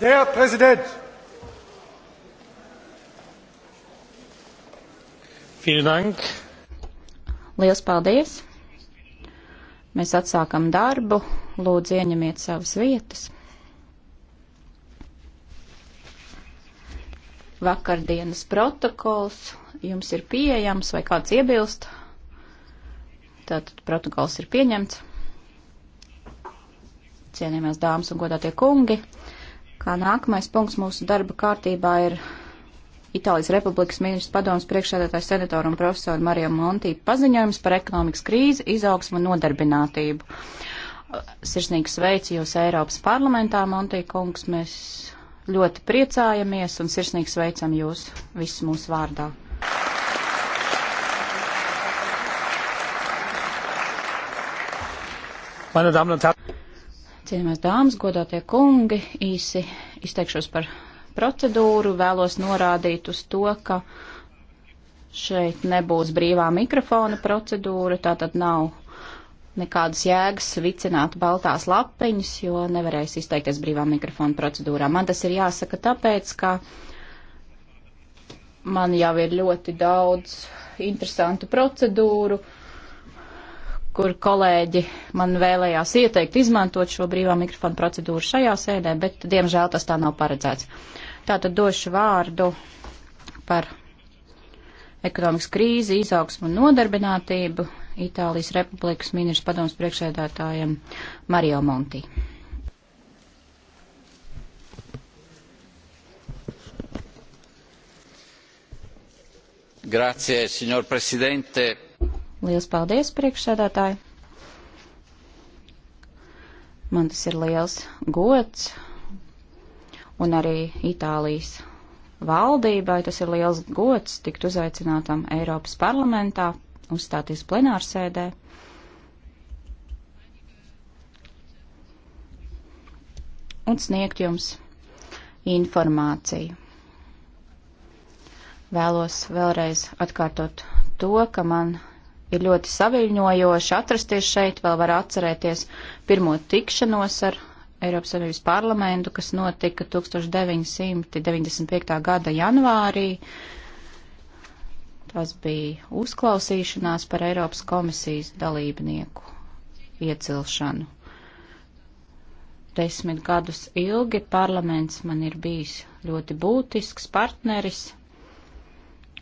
Der Präsident! Vielen Dank. Lielas paldies! Mēs atsākam darbu. Lūdzu, ieņemiet savas vietas. Vakardienas protokols jums ir pieejams vai kāds iebilst? Tātad protokols ir pieņemts. Cienījamās dāmas un godātie kungi. Kā nākamais punkts mūsu darba kārtībā ir Itālijas Republikas ministrs padomas priekšsēdētājs senatoru un profesoru Mariju Monti paziņojums par ekonomikas krīzi, izaugsmu un nodarbinātību. Sirsnīgi sveicu jūs Eiropas parlamentā, Monti kungs, mēs ļoti priecājamies un sirsnīgi sveicam jūs visus mūsu vārdā. Meine Damen und Herren. Cienījamās dāmas, godātie kungi, īsi izteikšos par procedūru, vēlos norādīt uz to, ka šeit nebūs brīvā mikrofona procedūra, tātad nav nekādas jēgas vicināt baltās lapiņas, jo nevarēs izteikties brīvā mikrofona procedūrā. Man tas ir jāsaka tāpēc, ka man jau ir ļoti daudz interesantu procedūru, kur kolēģi man vēlējās ieteikt izmantot šo brīvā mikrofona procedūru šajā sēdē, bet diemžēl tas tā nav paredzēts. Tātad došu vārdu par ekonomikas krīzi, izaugsmu un nodarbinātību Itālijas Republikas ministrs padoms priekšēdētājiem Mario Monti. Grazie, signor Presidente. Liels paldies, priekšsēdētāji! Man tas ir liels gods, un arī Itālijas valdībai tas ir liels gods tikt uzaicinātam Eiropas parlamentā, uzstāties plenārsēdē. Un sniegt jums informāciju. Vēlos vēlreiz atkārtot to, ka man ir ļoti saviļņojoši atrasties šeit, vēl var atcerēties pirmo tikšanos ar Eiropas Savienības parlamentu, kas notika 1995. gada janvārī. Tas bija uzklausīšanās par Eiropas komisijas dalībnieku iecilšanu. Desmit gadus ilgi parlaments man ir bijis ļoti būtisks partneris,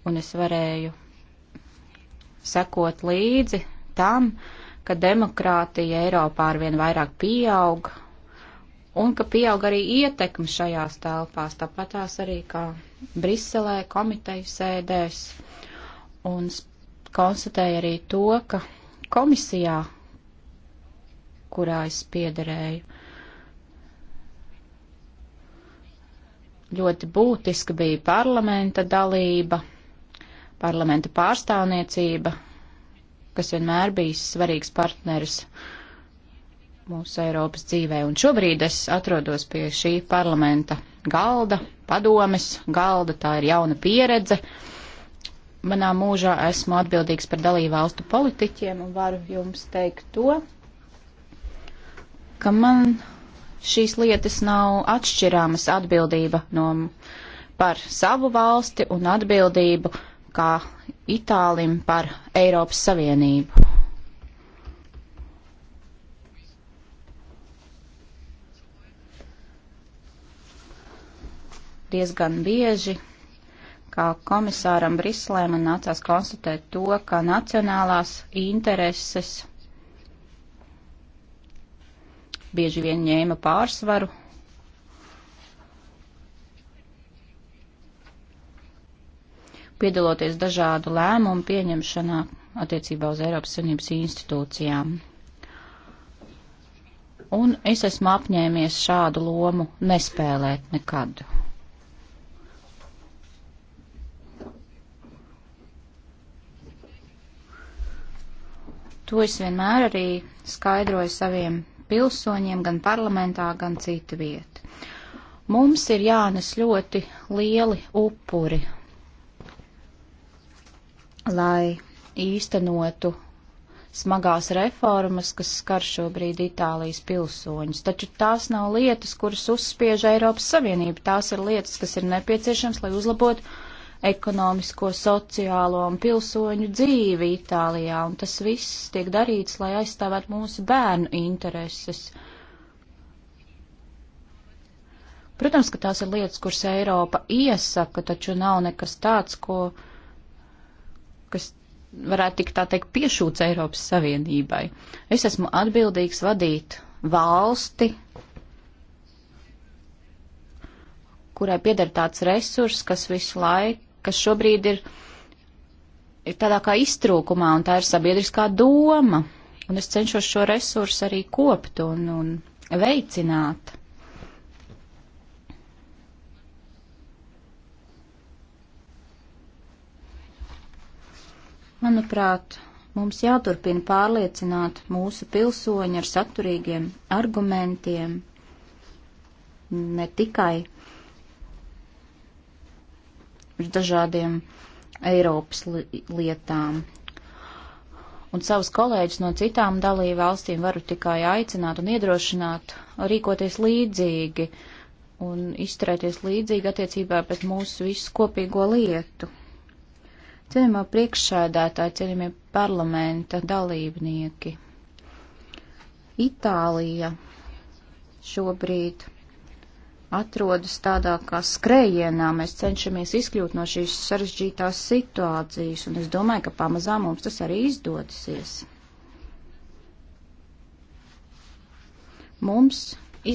un es varēju sekot līdzi tam, ka demokrātija Eiropā arvien vairāk pieaug un ka pieaug arī ietekme šajās telpās, tāpat tās arī kā Briselē komiteju sēdēs. Un konstatēja arī to, ka komisijā, kurā es piederēju, ļoti būtiska bija parlamenta dalība parlamenta pārstāvniecība, kas vienmēr bijis svarīgs partneris mūsu Eiropas dzīvē. Un šobrīd es atrodos pie šī parlamenta galda, padomes galda, tā ir jauna pieredze. Manā mūžā esmu atbildīgs par dalību valstu politiķiem un varu jums teikt to, ka man šīs lietas nav atšķirāmas atbildība no, par savu valsti un atbildību kā Itālim par Eiropas Savienību. Diezgan bieži, kā komisāram Briselē, man nācās konstatēt to, ka nacionālās intereses bieži vien ņēma pārsvaru piedaloties dažādu lēmumu pieņemšanā attiecībā uz Eiropas Savienības institūcijām. Un es esmu apņēmies šādu lomu nespēlēt nekad. To es vienmēr arī skaidroju saviem pilsoņiem gan parlamentā, gan cita vieta. Mums ir jānes ļoti lieli upuri, lai īstenotu smagās reformas, kas skar šobrīd Itālijas pilsoņus. Taču tās nav lietas, kuras uzspiež Eiropas Savienība. Tās ir lietas, kas ir nepieciešams, lai uzlabotu ekonomisko, sociālo un pilsoņu dzīvi Itālijā. Un tas viss tiek darīts, lai aizstāvētu mūsu bērnu intereses. Protams, ka tās ir lietas, kuras Eiropa iesaka, taču nav nekas tāds, ko kas varētu tik tā teikt piešūts Eiropas Savienībai. Es esmu atbildīgs vadīt valsti, kurai pieder tāds resurs, kas visu laiku, kas šobrīd ir, ir tādā kā iztrūkumā, un tā ir sabiedriskā doma. Un es cenšos šo resursu arī kopt un, un veicināt. Manuprāt, mums jāturpina pārliecināt mūsu pilsoņi ar saturīgiem argumentiem, ne tikai ar dažādiem Eiropas li lietām. Un savus kolēģus no citām dalību valstīm varu tikai aicināt un iedrošināt rīkoties līdzīgi un izturēties līdzīgi attiecībā pret mūsu visu kopīgo lietu. Cienījamā priekšsēdētāja, cienījamie parlamenta dalībnieki. Itālija šobrīd atrodas tādā kā skrējienā. Mēs cenšamies izkļūt no šīs sarežģītās situācijas, un es domāju, ka pamazām mums tas arī izdodasies. Mums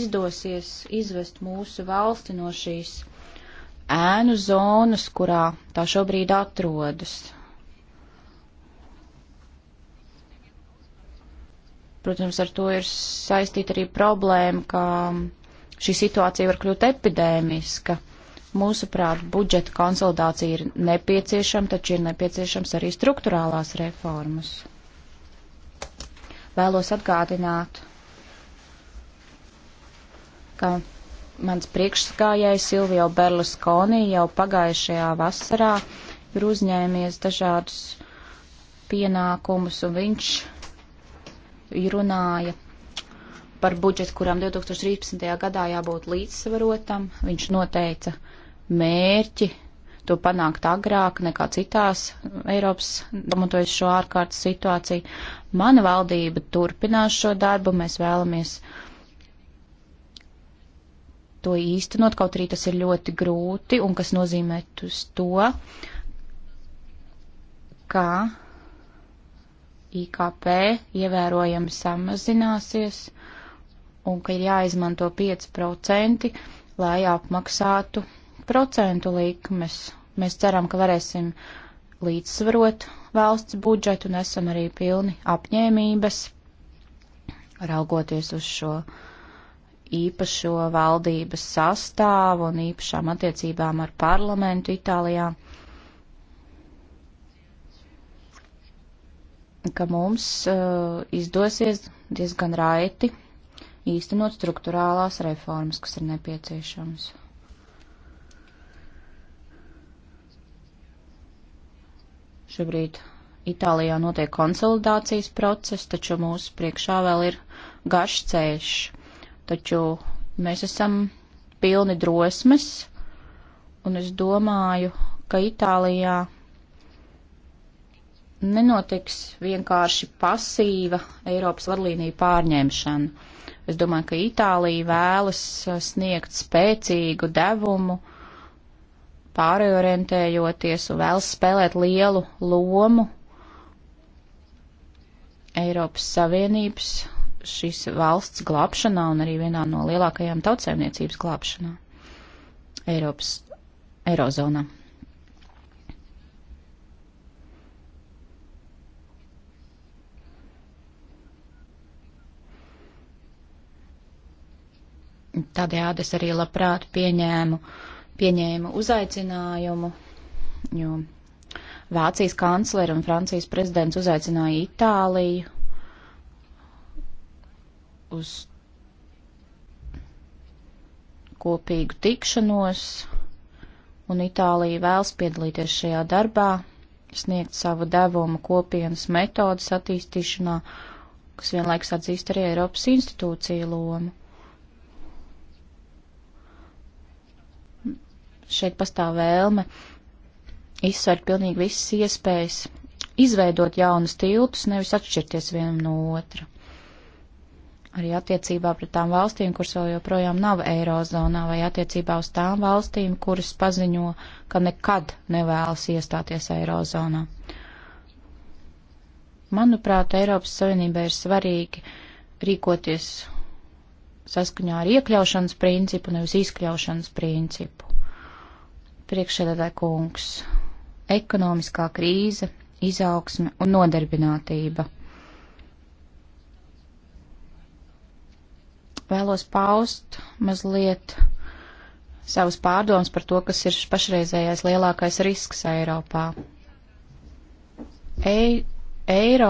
izdosies izvest mūsu valsti no šīs ēnu zonas, kurā tā šobrīd atrodas. Protams, ar to ir saistīta arī problēma, ka šī situācija var kļūt epidēmiska. Mūsuprāt, budžeta konsolidācija ir nepieciešama, taču ir nepieciešams arī struktūrālās reformas. Vēlos atgādināt, ka mans priekšskājais Silvio Berlusconi jau pagājušajā vasarā ir uzņēmies dažādus pienākumus, un viņš runāja par budžetu, kuram 2013. gadā jābūt līdzsvarotam. Viņš noteica mērķi to panākt agrāk nekā citās Eiropas, domātojas šo ārkārtas situāciju. Mana valdība turpinās šo darbu, mēs vēlamies uh, to īstenot, kaut arī tas ir ļoti grūti un kas nozīmē uz to, ka IKP ievērojami samazināsies un ka ir jāizmanto 5%, lai apmaksātu procentu likmes. Mēs ceram, ka varēsim līdzsvarot valsts budžetu un esam arī pilni apņēmības raugoties uz šo uh, īpašo valdības sastāvu un īpašām attiecībām ar parlamentu Itālijā, ka mums uh, izdosies diezgan raiti īstenot struktūrālās reformas, kas ir nepieciešamas. Šobrīd Itālijā notiek konsolidācijas process, taču mūsu priekšā vēl ir garš ceļš taču mēs esam pilni drosmes, un es domāju, ka Itālijā nenotiks vienkārši pasīva Eiropas vadlīnija pārņemšana. Es domāju, ka Itālija vēlas uh, sniegt spēcīgu devumu, pārorientējoties un vēlas spēlēt lielu lomu Eiropas Savienības šīs valsts glābšanā un arī vienā no lielākajām tautsēmniecības glābšanā Eiropas Eirozonā. Tādējādi es arī labprāt pieņēmu, pieņēmu uzaicinājumu, jo Vācijas kanclere un Francijas prezidents uzaicināja Itāliju uz kopīgu tikšanos, un Itālija vēlas piedalīties šajā darbā, sniegt savu devumu kopienas metodas attīstīšanā, kas vienlaiks atzīst arī Eiropas institūciju lomu. Šeit pastāv vēlme izsvērt pilnīgi visas iespējas, izveidot jaunus tiltus, nevis atšķirties vienam no otra arī attiecībā pret tām valstīm, kuras vēl joprojām nav eirozonā, vai attiecībā uz tām valstīm, kuras paziņo, ka nekad nevēlas iestāties eirozonā. Manuprāt, Eiropas Savienībai ir svarīgi rīkoties saskaņā ar iekļaušanas principu, nevis izkļaušanas principu. Priekšsēdētāji kungs, ekonomiskā krīze, izaugsme un nodarbinātība vēlos paust mazliet savus pārdomas par to, kas ir pašreizējais lielākais risks Eiropā. Ei, eiro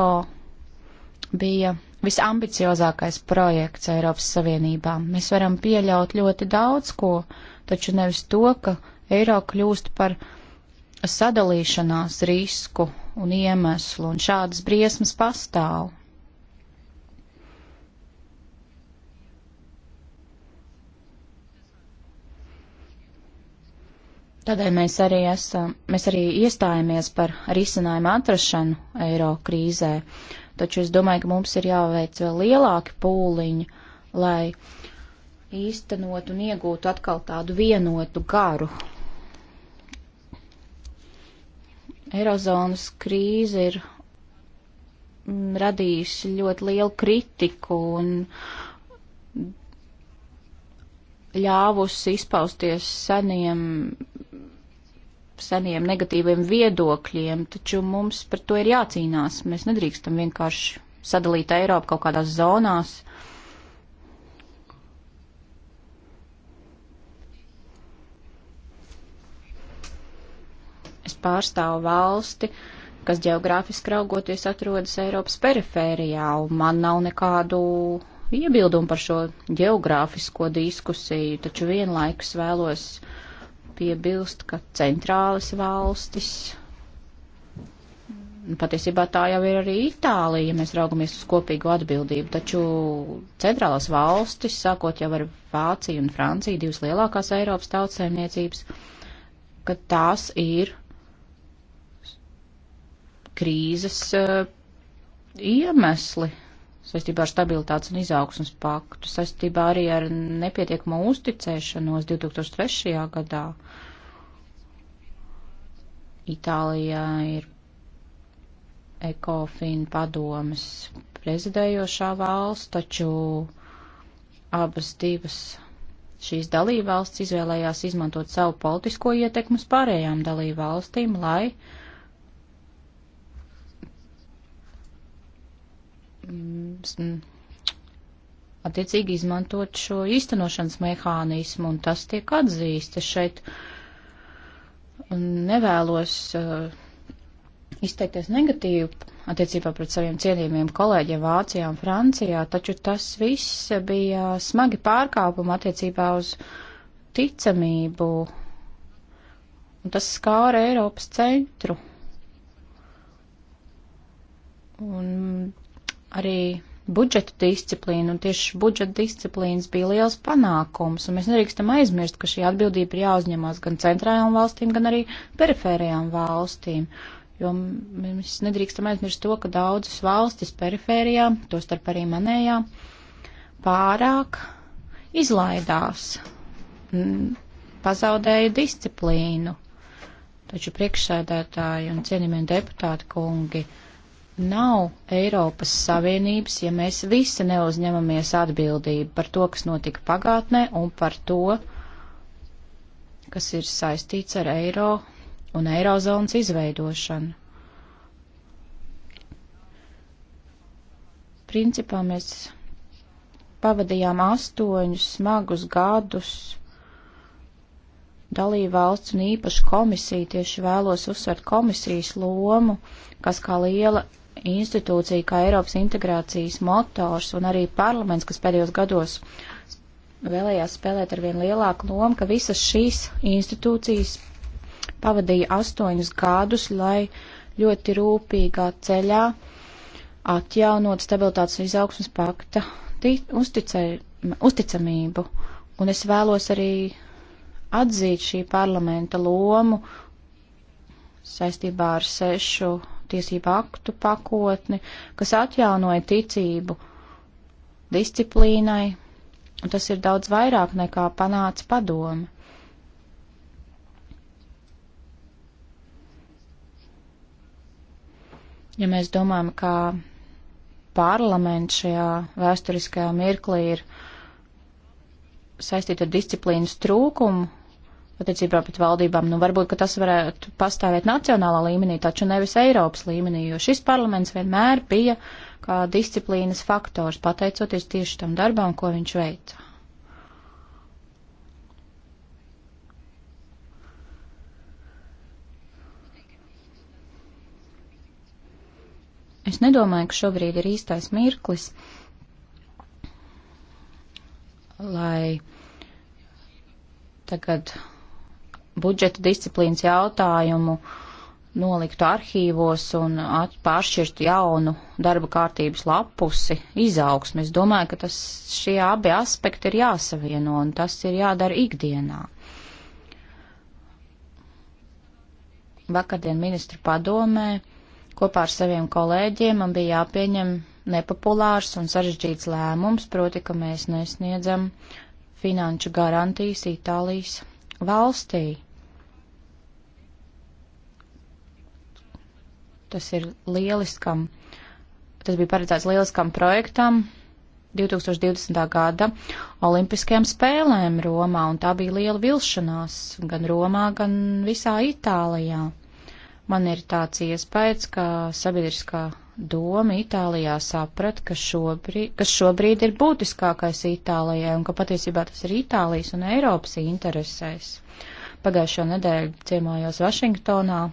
bija visambiciozākais projekts Eiropas Savienībā. Mēs varam pieļaut ļoti daudz ko, taču nevis to, ka eiro kļūst par sadalīšanās risku un iemeslu, un šādas briesmas pastāv. Tādēļ mēs arī, esam, mēs arī iestājāmies par risinājumu atrašanu eiro krīzē, taču es domāju, ka mums ir jāveic vēl lielāki pūliņi, lai īstenot un iegūtu atkal tādu vienotu garu. Eirozonas krīze ir mm, radījusi ļoti lielu kritiku un ļāvusi izpausties seniem seniem negatīviem viedokļiem, taču mums par to ir jācīnās. Mēs nedrīkstam vienkārši sadalīt Eiropu kaut kādās zonās. Es pārstāvu valsti, kas geogrāfiski raugoties atrodas Eiropas perifērijā, un man nav nekādu iebildumu par šo geogrāfisko diskusiju, taču vienlaikus vēlos uh, piebilst, ka centrālas valstis, nu, patiesībā tā jau ir arī Itālija, ja mēs raugamies uz kopīgu atbildību, taču centrālas valstis, sākot jau ar Vāciju un Franciju, divas lielākās Eiropas tautsēmniecības, ka tās ir krīzes uh, iemesli saistībā ar stabilitātes un izaugsmas paktu, saistībā arī ar nepietiekamo uzticēšanos 2003. gadā. Itālijā ir ECOFIN padomas prezidējošā valsts, taču abas divas šīs dalībvalsts izvēlējās izmantot savu politisko ietekmu uz pārējām dalībvalstīm, lai uh, Mm, attiecīgi izmantot šo īstenošanas mehānismu, un tas tiek atzīst. Es šeit nevēlos uh, izteikties negatīvi attiecībā pret saviem cienījumiem kolēģiem Vācijā un Francijā, taču tas viss bija smagi pārkāpumi attiecībā uz ticamību, un tas skāra Eiropas centru. Un arī budžeta disciplīna, un tieši budžeta disciplīnas bija liels panākums, un mēs nedrīkstam aizmirst, ka šī atbildība ir jāuzņemās gan centrālajām valstīm, gan arī perifērajām valstīm, jo mēs nedrīkstam aizmirst to, ka daudzas valstis perifērijā, to starp arī manējā, pārāk izlaidās, pazaudēja disciplīnu. Taču priekšsēdētāji un cienījamie deputāti kungi, uh, nav Eiropas Savienības, ja mēs visi neuzņemamies atbildību par to, kas notika pagātnē un par to, kas ir saistīts ar eiro un eirozonas izveidošanu. Principā mēs pavadījām astoņus smagus gadus dalību valsts un īpaši komisija, tieši vēlos uzsvert komisijas lomu, kas kā liela institūcija kā Eiropas integrācijas motors un arī parlaments, kas pēdējos gados vēlējās spēlēt ar vien lielāku lomu, ka visas šīs institūcijas pavadīja astoņus gadus, lai ļoti rūpīgā ceļā atjaunot stabilitātes izaugsmas pakta uzticē, uzticamību. Un es vēlos arī atzīt šī parlamenta lomu saistībā ar sešu tiesību aktu pakotni, kas atjaunoja ticību disciplīnai, un tas ir daudz vairāk nekā panāca padome. Ja mēs domājam, kā parlaments šajā vēsturiskajā mirklī ir saistīta ar disciplīnas trūkumu, attiecībā pret valdībām. Nu, varbūt, ka tas varētu pastāvēt nacionālā līmenī, taču nevis Eiropas līmenī, jo šis parlaments vienmēr bija kā disciplīnas faktors, pateicoties tieši tam darbam, ko viņš veica. Es nedomāju, ka šobrīd ir īstais mirklis, lai tagad budžeta disciplīnas jautājumu noliktu arhīvos un pāršķirtu jaunu darba kārtības lapusi izaugsmi. Es domāju, ka tas, šie abi aspekti ir jāsavieno un tas ir jādara ikdienā. Vakardien ministru padomē kopā ar saviem kolēģiem man bija jāpieņem nepopulārs un sarežģīts lēmums, proti, ka mēs nesniedzam finanšu garantijas Itālijas valstī. Tas ir lieliskam, tas bija paredzēts lieliskam projektam 2020. gada Olimpiskajām spēlēm Romā, un tā bija liela vilšanās gan Romā, gan visā Itālijā. Man ir tāds iespējas, ka sabiedriskā doma Itālijā saprat, ka šobrīd, kas šobrīd ir būtiskākais Itālijai un ka patiesībā tas ir Itālijas un Eiropas interesēs. Pagājušo nedēļu ciemojos Vašingtonā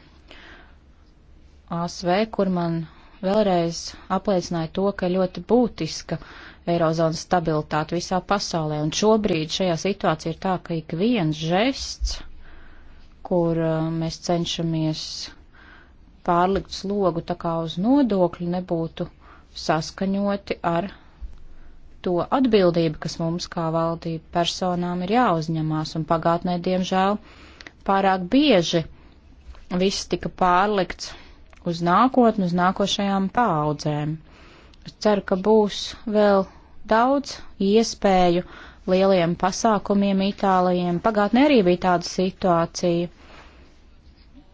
ASV, kur man vēlreiz apliecināja to, ka ļoti būtiska Eirozonas stabilitāte visā pasaulē. Un šobrīd šajā situācijā ir tā, ka ik viens žests, kur uh, mēs cenšamies pārlikt slogu tā kā uz nodokļu, nebūtu saskaņoti ar to atbildību, kas mums kā valdību personām ir jāuzņemās. Un pagātnē, diemžēl, pārāk bieži viss tika pārlikts uz nākotni, uz nākošajām paaudzēm. Es ceru, ka būs vēl daudz iespēju lieliem pasākumiem Itālijiem. Pagātnē arī bija tāda situācija,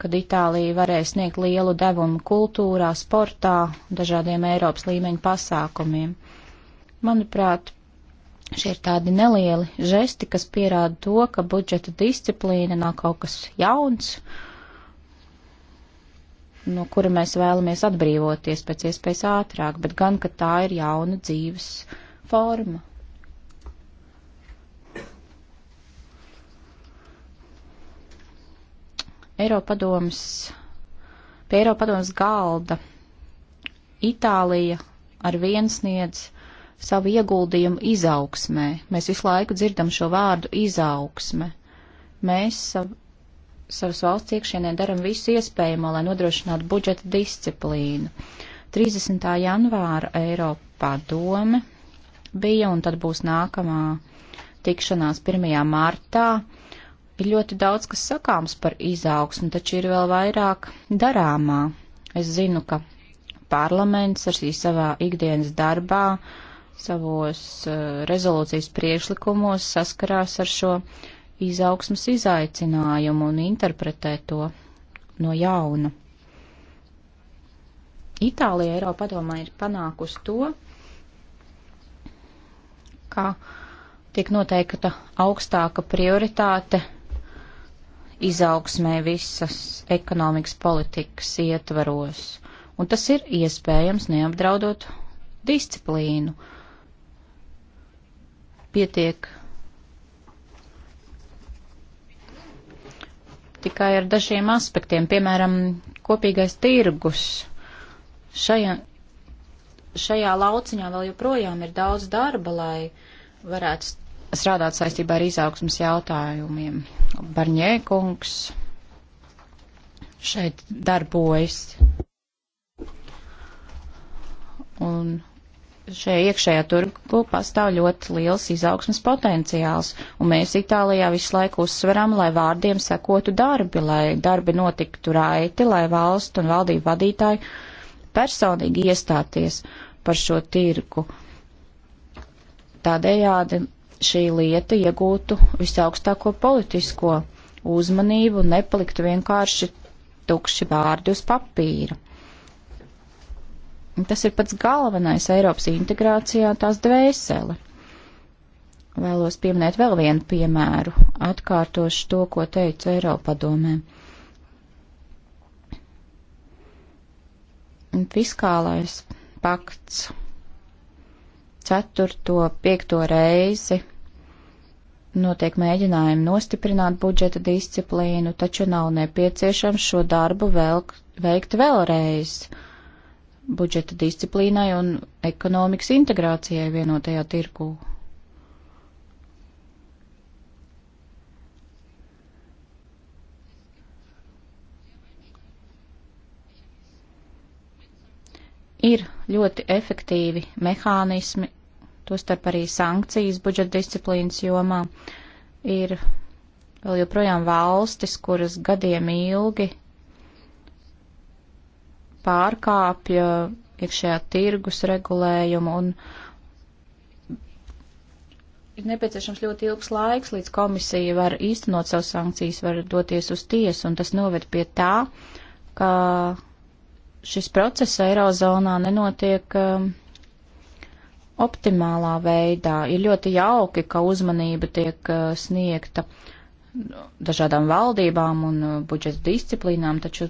kad Itālija varēja sniegt lielu devumu kultūrā, sportā, dažādiem Eiropas līmeņa pasākumiem. Manuprāt, šie ir tādi nelieli žesti, kas pierāda to, ka budžeta disciplīna nav kaut kas jauns, uh, no kura mēs vēlamies atbrīvoties pēc iespējas ātrāk, bet gan, ka tā ir jauna dzīves forma. Eiropadoms, pie Eiropadoms galda Itālija ar viensniedz savu ieguldījumu izaugsmē. Mēs visu laiku dzirdam šo vārdu izaugsme. Mēs savu savas valsts iekšienē daram visu iespējamo, lai nodrošinātu budžeta disciplīnu. 30. janvāra Eiropa padome bija, un tad būs nākamā tikšanās 1. martā. Ir ļoti daudz, kas sakāms par izaugsmu, taču ir vēl vairāk darāmā. Es zinu, ka parlaments arī savā ikdienas darbā, savos uh, rezolūcijas priekšlikumos saskarās ar šo uh, izaugsmas izaicinājumu un interpretē to no jauna. Itālija Eiropa padomā ir panākusi to, ka tiek noteikta augstāka prioritāte izaugsmē visas ekonomikas politikas ietvaros, un tas ir iespējams neapdraudot disciplīnu. Pietiek tikai ar dažiem aspektiem, piemēram, kopīgais tirgus. Šajā, šajā lauciņā vēl joprojām ir daudz darba, lai varētu strādāt saistībā ar izaugsmas jautājumiem. Barņēkungs šeit darbojas. Un šajā iekšējā tirgu pastāv ļoti liels izaugsmas potenciāls, un mēs Itālijā visu laiku uzsveram, lai vārdiem sekotu darbi, lai darbi notiktu raiti, lai valstu un valdību vadītāji personīgi iestāties par šo tirgu. Tādējādi šī lieta iegūtu visaugstāko politisko uzmanību un nepaliktu vienkārši tukši vārdi uz papīra. Tas ir pats galvenais Eiropas integrācijā tās dvēsele. Vēlos pieminēt vēl vienu piemēru, atkārtošu to, ko teicu Eiropadomē. Fiskālais pakts ceturto, piekto reizi notiek mēģinājumi nostiprināt budžeta disciplīnu, taču nav nepieciešams šo darbu vēl, veikt vēlreiz. Uh, budžeta disciplīnai un ekonomikas integrācijai vienotajā tirgū. Ir ļoti efektīvi mehānismi, tostarp arī sankcijas budžeta disciplīnas jomā. Ir vēl joprojām valstis, kuras gadiem ilgi pārkāpja iekšējā tirgus regulējumu un ir nepieciešams ļoti ilgs laiks, līdz komisija var īstenot savas sankcijas, var doties uz tiesu, un tas noved pie tā, ka šis process Eirozonā nenotiek um, optimālā veidā. Ir ļoti jauki, ka uzmanība tiek uh, sniegta uh, dažādām valdībām un uh, budžeta disciplīnām, taču,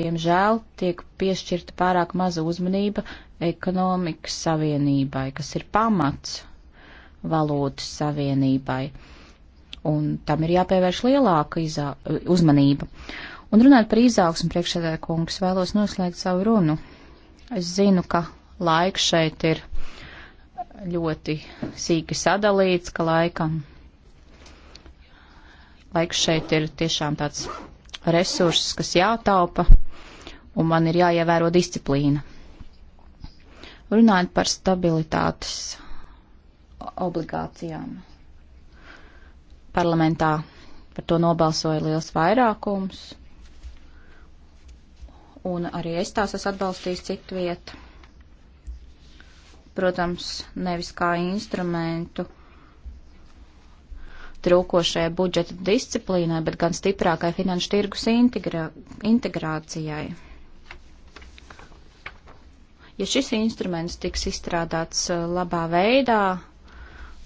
diemžēl, tiek piešķirta pārāk maza uzmanība ekonomikas savienībai, kas ir pamats valūtas savienībai. Un tam ir jāpievērš lielāka izā, uh, uzmanība. Un runāt par izaugsmu priekšsēdē, kungs, vēlos noslēgt savu runu. Es zinu, ka laiks šeit ir ļoti sīki sadalīts, ka laikam laiks šeit ir tiešām tāds resurss, kas jātaupa, un man ir jāievēro disciplīna. Runājot par stabilitātes obligācijām. Parlamentā par to nobalsoja liels vairākums, un arī es tās esmu atbalstījis citu vietu. Protams, nevis kā instrumentu trūkošajai budžeta disciplīnai, bet gan stiprākai finanšu tirgus integrā, integrācijai. Ja šis instruments tiks izstrādāts uh, labā veidā,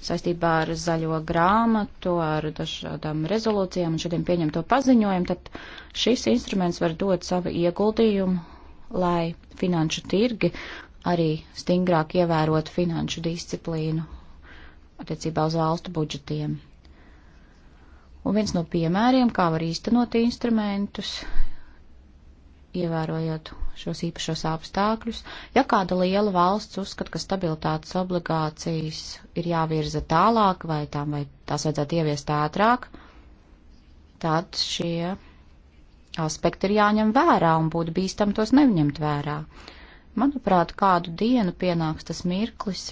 saistībā ar zaļo grāmatu, ar dažādām rezolūcijām un šodien pieņemto paziņojumu, tad šis instruments var dot savu ieguldījumu, lai finanšu tirgi arī stingrāk ievērot finanšu disciplīnu attiecībā uz valstu budžetiem. Un viens no piemēriem, kā var īstenot instrumentus, ievērojot šos īpašos apstākļus, ja kāda liela valsts uzskata, ka stabilitātes obligācijas ir jāvirza tālāk vai tām vai tās vajadzētu ieviest ātrāk, tad šie aspekti ir jāņem vērā un būtu bīstam tos neņemt vērā. Manuprāt, kādu dienu pienāks tas mirklis,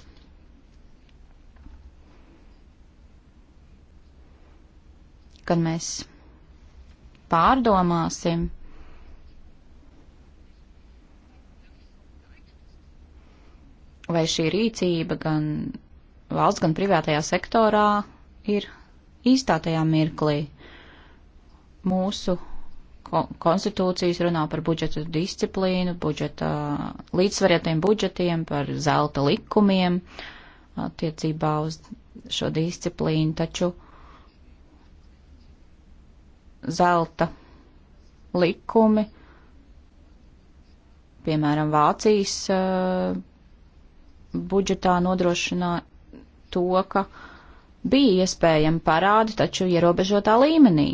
kad mēs pārdomāsim, vai šī rīcība gan valsts, gan privātajā sektorā ir īstā tajā mirklī. Mūsu ko konstitūcijas runā par budžeta disciplīnu, budžeta līdzsvarietiem budžetiem, par zelta likumiem attiecībā uz šo disciplīnu, taču zelta likumi, piemēram, Vācijas uh, budžetā nodrošinā to, ka bija iespējami parādi, taču ierobežotā līmenī.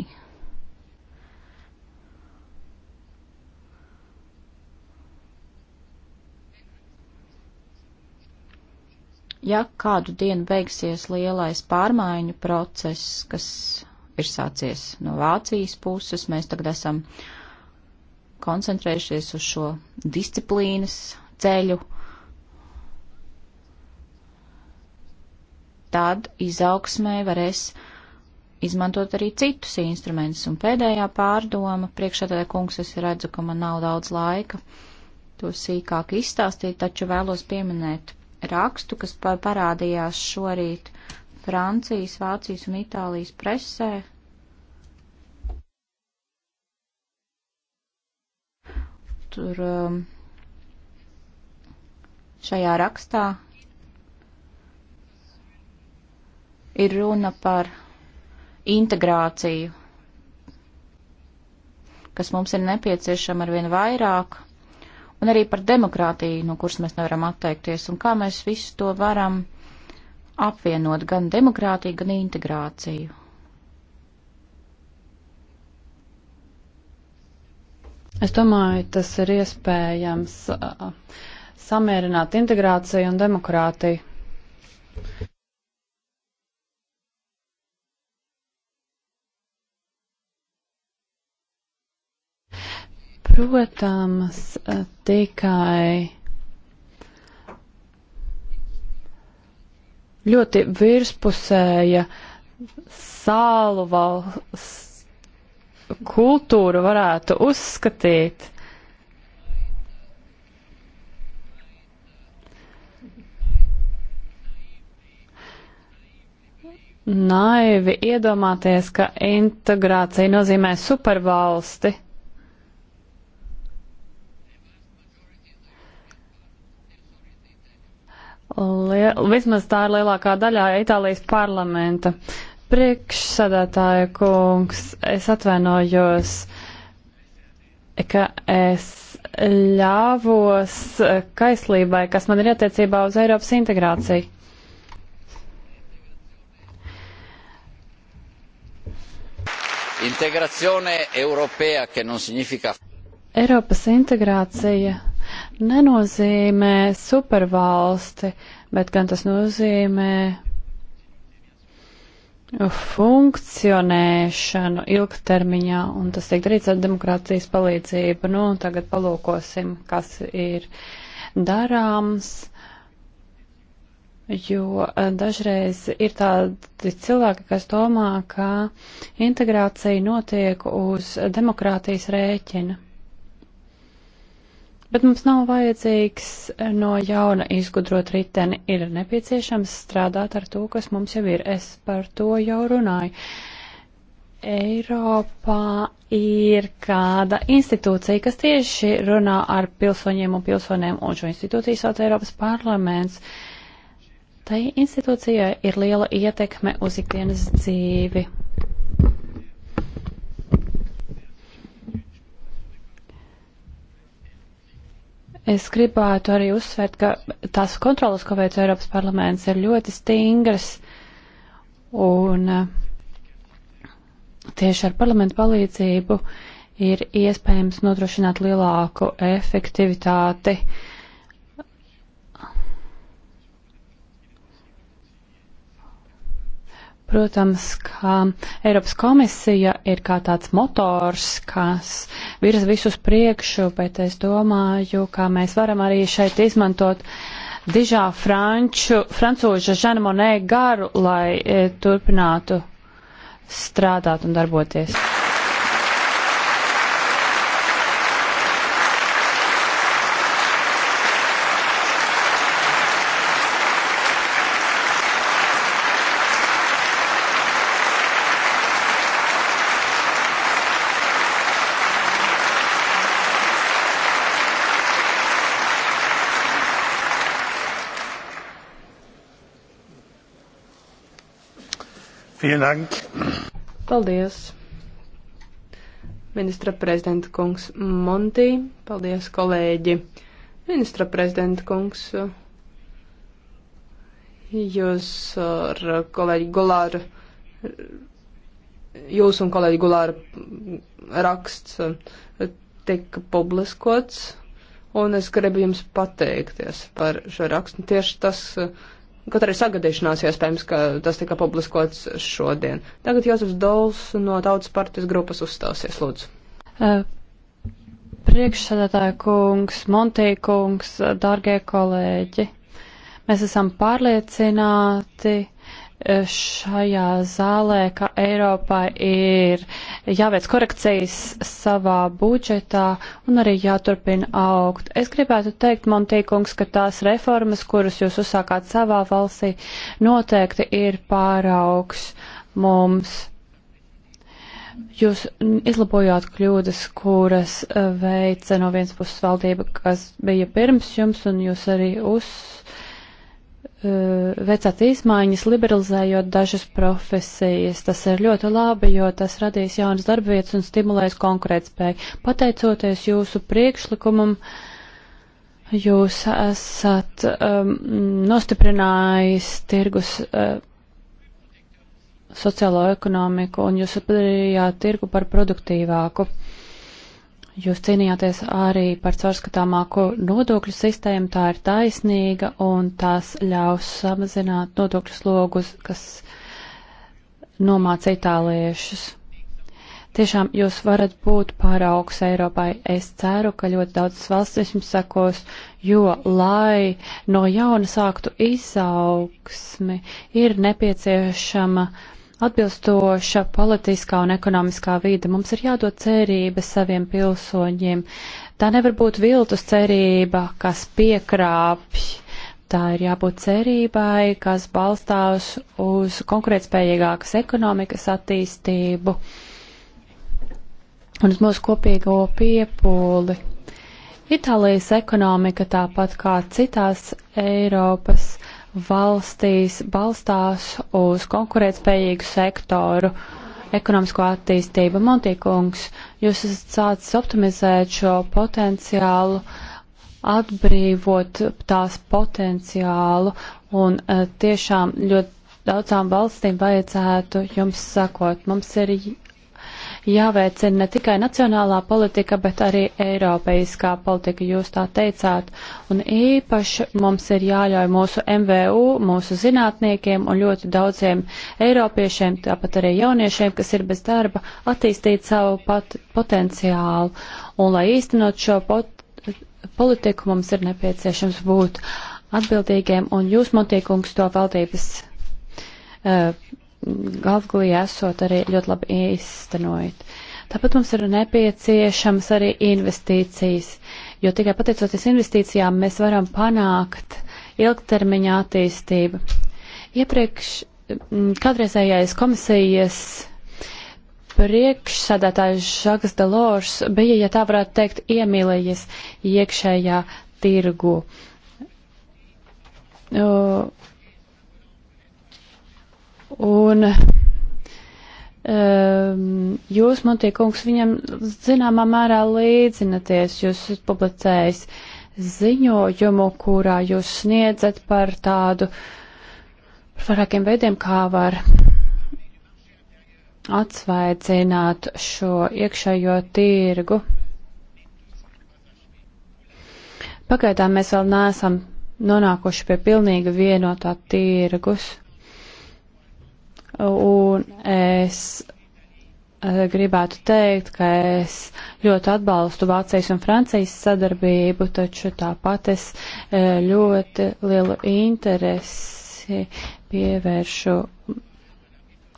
ja kādu dienu beigsies lielais pārmaiņu process, kas ir sācies no Vācijas puses. Mēs tagad esam koncentrējušies uz šo disciplīnas ceļu. Tad izaugsmē varēs izmantot arī citus instrumentus. Un pēdējā pārdoma, priekšādāja kungs, es redzu, ka man nav daudz laika to sīkāk izstāstīt, taču vēlos pieminēt rakstu, kas parādījās šorīt Francijas, Vācijas un Itālijas presē. Tur um, šajā rakstā ir runa par integrāciju, kas mums ir nepieciešama arvien vairāk, un arī par demokrātiju, no kuras mēs nevaram atteikties, un kā mēs visu to varam uh, apvienot gan demokrātiju, gan integrāciju. Es domāju, tas ir iespējams uh, samierināt integrāciju un demokrātiju. Protams, uh, tikai ļoti virspusēja sālu valsts kultūru varētu uzskatīt. Naivi iedomāties, ka integrācija nozīmē supervalsti. Liel, vismaz tā ir lielākā daļā Itālijas parlamenta. Priekšsādātāja kungs, es atvainojos, ka es ļāvos kaislībai, kas man ir attiecībā uz Eiropas integrāciju. Integrazione europea, che non significa. Eiropas integrācija nenozīmē supervalsti, bet gan tas nozīmē funkcionēšanu ilgtermiņā, un tas tiek darīts ar demokrātijas palīdzību. Nu, tagad palūkosim, kas ir darāms, jo eh, dažreiz ir tādi cilvēki, kas domā, ka integrācija notiek uz demokrātijas rēķina. Bet mums nav vajadzīgs eh, no jauna izgudrot riteni, ir nepieciešams strādāt ar to, kas mums jau ir. Es par to jau runāju. Eiropā ir kāda institūcija, kas tieši runā ar pilsoņiem un pilsonēm, un šo institūciju sauc Eiropas parlaments. Tai institūcijai ir liela ietekme uz ikdienas dzīvi. Es gribētu arī uzsvērt, ka tās kontrolas, ko veic Eiropas parlaments, ir ļoti stingras. Un eh, tieši ar parlamentu palīdzību ir iespējams nodrošināt lielāku efektivitāti uh, Protams, ka Eiropas komisija ir kā tāds motors, kas virza visus priekšu, bet es domāju, ka mēs varam arī šeit izmantot dižā franču, francūža Žana Monē garu, lai e, turpinātu strādāt un darboties. Paldies! Ministra prezidenta kungs Monti, paldies kolēģi! Ministra prezidenta kungs, jūs ar kolēģi Gulāru, jūs un kolēģi Gulāru raksts tika publiskots, un es gribu jums pateikties par šo rakstu. Tieši tas, uh, Kaut arī sagadīšanās iespējams, ka tas tika publiskots šodien. Tagad Jozefs Dols no Tautas partijas grupas uzstāsies, lūdzu. Uh, Priekšsēdētāja kungs, Montī kungs, dārgie kolēģi, mēs esam pārliecināti, šajā zālē, ka Eiropā ir jāveic korekcijas savā budžetā un arī jāturpina augt. Es gribētu teikt, Montīkungs, ka tās reformas, kuras jūs uzsākāt savā valstī, noteikti ir pāraugs mums. Jūs izlabojāt kļūdas, kuras veica no vienas puses valdība, kas bija pirms jums, un jūs arī uzsākāt Eh, veicat izmaiņas, liberalizējot dažas profesijas. Tas ir ļoti labi, jo tas radīs jaunas darbvietas un stimulēs konkurētspēju. Pateicoties jūsu priekšlikumam, jūs esat um, nostiprinājis tirgus uh, sociālo ekonomiku un jūs padarījāt tirgu par produktīvāku. Jūs cīnījāties arī par caurskatāmāku nodokļu sistēmu, tā ir taisnīga un tās ļaus samazināt nodokļu slogus, kas nomāca itāliešus. Tiešām jūs varat būt pāraugs Eiropai. Es ceru, ka ļoti daudzas valstis jums sakos, jo, lai no jauna sāktu izaugsmi, ir nepieciešama uh, atbilstoša politiskā un ekonomiskā vīda. Mums ir jādod cerība saviem pilsoņiem. Tā nevar būt viltus cerība, kas piekrāpj. Tā ir jābūt cerībai, kas balstās uz konkurētspējīgākas ekonomikas attīstību un uz mūsu kopīgo piepūli. Itālijas ekonomika, tāpat kā citās Eiropas valstīs balstās uz konkurētspējīgu sektoru, ekonomisko attīstību. Montīkungs, jūs esat sācis optimizēt šo potenciālu, atbrīvot tās potenciālu un eh, tiešām ļoti daudzām valstīm vajadzētu jums sakot. Mums ir jāveicina ne tikai nacionālā politika, bet arī eiropeiskā politika, jūs tā teicāt. Un īpaši mums ir jāļauj mūsu MVU, mūsu zinātniekiem un ļoti daudziem eiropiešiem, tāpat arī jauniešiem, kas ir bez darba, attīstīt savu pat potenciālu. Un lai īstenot šo pot politiku, mums ir nepieciešams būt atbildīgiem, un jūs, Montīkungs, to valdības uh, galvgalī esot arī ļoti labi īstenojot. Tāpat mums ir nepieciešams arī investīcijas, jo tikai pateicoties investīcijām mēs varam panākt ilgtermiņa attīstību. Iepriekš mm, kādreizējais komisijas priekšsādātājs Žakas Delors bija, ja tā varētu teikt, iemīlējies iekšējā tirgu. Uh, Un um, jūs, Montie kungs, viņam zināmā mērā līdzinaties, jūs esat publicējis ziņojumu, kurā jūs sniedzat par tādu, par vairākiem veidiem, kā var atsvaicināt šo iekšējo tirgu. Pagaidām mēs vēl neesam nonākuši pie pilnīga vienotā tirgus. Un es eh, gribētu teikt, ka es ļoti atbalstu Vācijas un Francijas sadarbību, taču tāpat es eh, ļoti lielu interesi pievēršu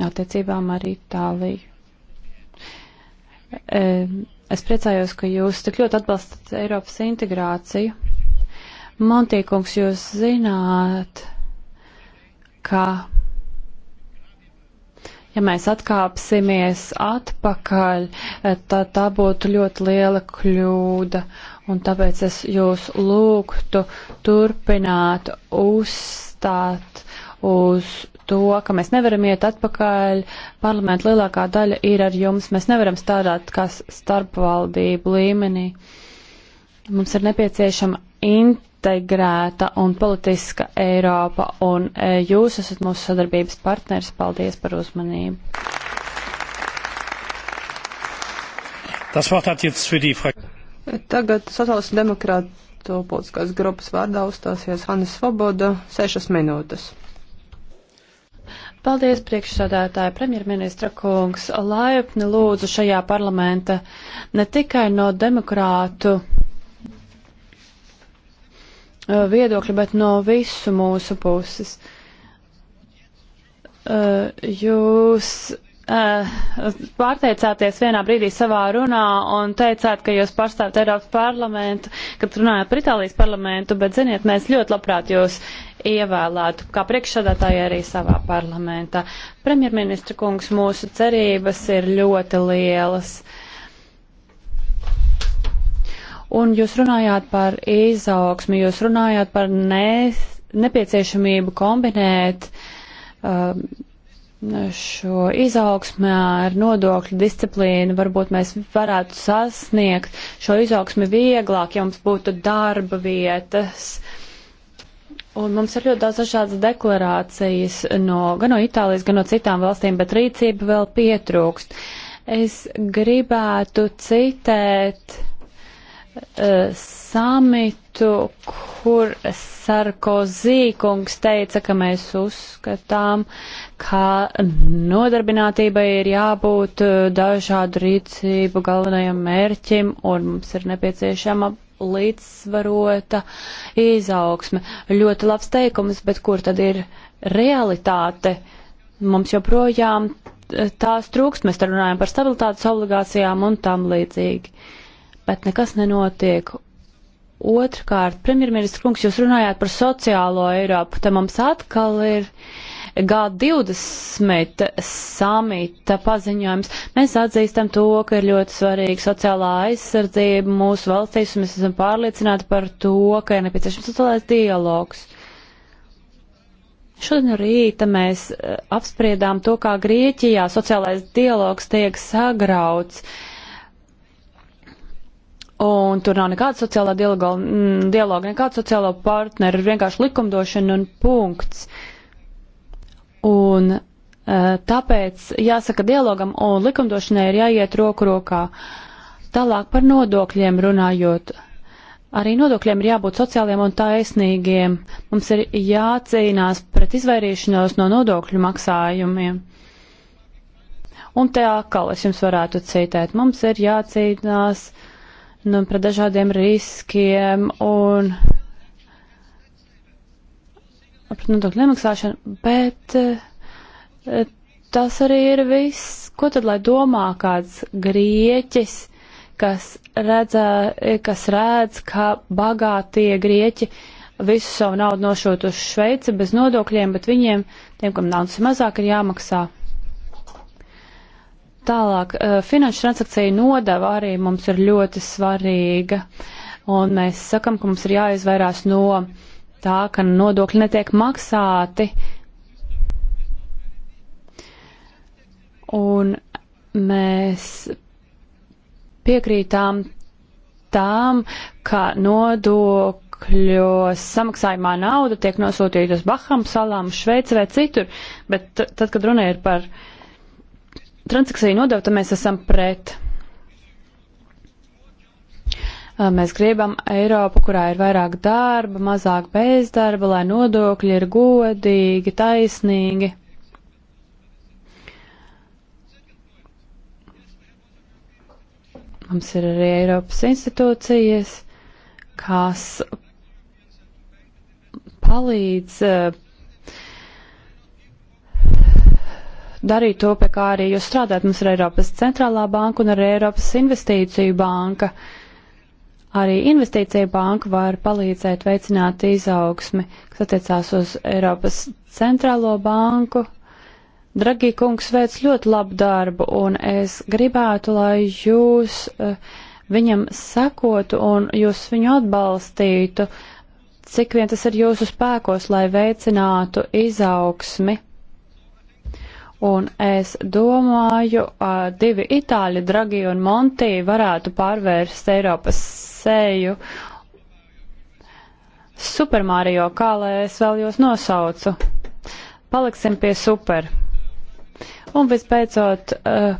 attiecībām ar Itāliju. Es priecājos, ka jūs tik ļoti atbalstat Eiropas integrāciju. Montīkungs, jūs zināt, ka ja mēs atkāpsimies atpakaļ, eh, tad tā būtu ļoti liela kļūda. Un tāpēc es jūs lūgtu turpināt uzstāt uz to, ka mēs nevaram iet atpakaļ. Parlamenta lielākā daļa ir ar jums. Mēs nevaram strādāt kā starpvaldību līmenī. Mums ir nepieciešama int integrēta un politiska Eiropa, un e, jūs esat mūsu sadarbības partners. Paldies par uzmanību. Tas vārds attiecas für die Fraktion. Tagad sociālas demokrātu politiskās grupas vārdā uzstāsies Hannes Svoboda, sešas minūtes. Paldies, priekšsādātāja premjerministra kungs. Laipni lūdzu šajā parlamenta ne tikai no demokrātu Uh, viedokļa, bet no visu mūsu puses. Uh, jūs uh, pārteicāties vienā brīdī savā runā un teicāt, ka jūs pārstāvat Eiropas parlamentu, kad runājat par Itālijas parlamentu, bet ziniet, mēs ļoti labprāt jūs ievēlētu kā priekšsādātāji arī savā parlamentā. Premjerministra kungs, mūsu cerības ir ļoti lielas. Uh, Un jūs runājāt par izaugsmi, jūs runājāt par ne, nepieciešamību kombinēt um, šo izaugsmi ar nodokļu disciplīnu. Varbūt mēs varētu sasniegt šo izaugsmi vieglāk, ja mums būtu darba vietas. Un mums ir ļoti daudz dažādas deklarācijas no, gan no Itālijas, gan no citām valstīm, bet rīcība vēl pietrūkst. Es gribētu citēt Uh, samitu, kur Sarkozī kungs teica, ka mēs uzskatām, ka nodarbinātībai ir jābūt uh, dažādu rīcību galvenajam mērķim un mums ir nepieciešama līdzsvarota izaugsme. Ļoti labs teikums, bet kur tad ir realitāte? Mums joprojām uh, tās trūkst, mēs runājam par stabilitātes obligācijām un tam līdzīgi. Uh, bet nekas nenotiek. Otrkārt, premjerministra kungs, jūs runājāt par sociālo Eiropu, te mums atkal ir G20 samita paziņojums. Mēs atzīstam to, ka ir ļoti svarīga sociālā aizsardzība mūsu valstīs, un mēs esam pārliecināti par to, ka ir nepieciešams sociālais dialogs. Šodien rīta mēs eh, apspriedām to, kā Grieķijā sociālais dialogs tiek sagrauts. Uh, Un tur nav nekāda sociālā dialoga, mm, dialoga nekāda sociālā partnera, vienkārši likumdošana un punkts. Un eh, tāpēc jāsaka dialogam un likumdošanai ir jāiet roku rokā. Tālāk par nodokļiem runājot. Arī nodokļiem ir jābūt sociāliem un taisnīgiem. Mums ir jācīnās pret izvairīšanos no nodokļu maksājumiem. Un te atkal es jums varētu citēt. Mums ir jācīnās uh, nu, par dažādiem riskiem un par nodokļu nemaksāšanu, bet eh, tas arī ir viss. Ko tad lai domā kāds grieķis, kas, redzē, kas redz, ka bagātie grieķi visu savu naudu nošot uz Šveici bez nodokļiem, bet viņiem, tiem, kam naudas ir mazāk, ir jāmaksā Tālāk, eh, finanšu transakciju nodeva arī mums ir ļoti svarīga, un mēs sakam, ka mums ir jāizvairās no tā, ka nodokļi netiek maksāti. Un mēs piekrītām tām, ka nodokļu samaksājumā nauda tiek nosūtīta uz Baham salām, Šveici vai citur, bet tad, kad runa ir par uh, transakciju nodevu, tad mēs esam pret. Mēs gribam Eiropu, kurā ir vairāk darba, mazāk bezdarba, lai nodokļi ir godīgi, taisnīgi. Mums ir arī Eiropas institūcijas, kas palīdz darīt to, pie kā arī jūs strādājat. Mums ir Eiropas centrālā banka un arī Eiropas investīciju banka. Arī investīcija banka var palīdzēt veicināt izaugsmi, kas attiecās uz Eiropas centrālo banku. Dragī kungs veic ļoti labu darbu, un es gribētu, lai jūs eh, viņam sekotu un jūs viņu atbalstītu, cik vien tas ir jūsu spēkos, lai veicinātu izaugsmi Un es domāju, uh, divi itāļi, Dragi un Monti, varētu pārvērst Eiropas seju Super Mario, kā lai es vēl jūs nosaucu. Paliksim pie super. Un visbeidzot, uh,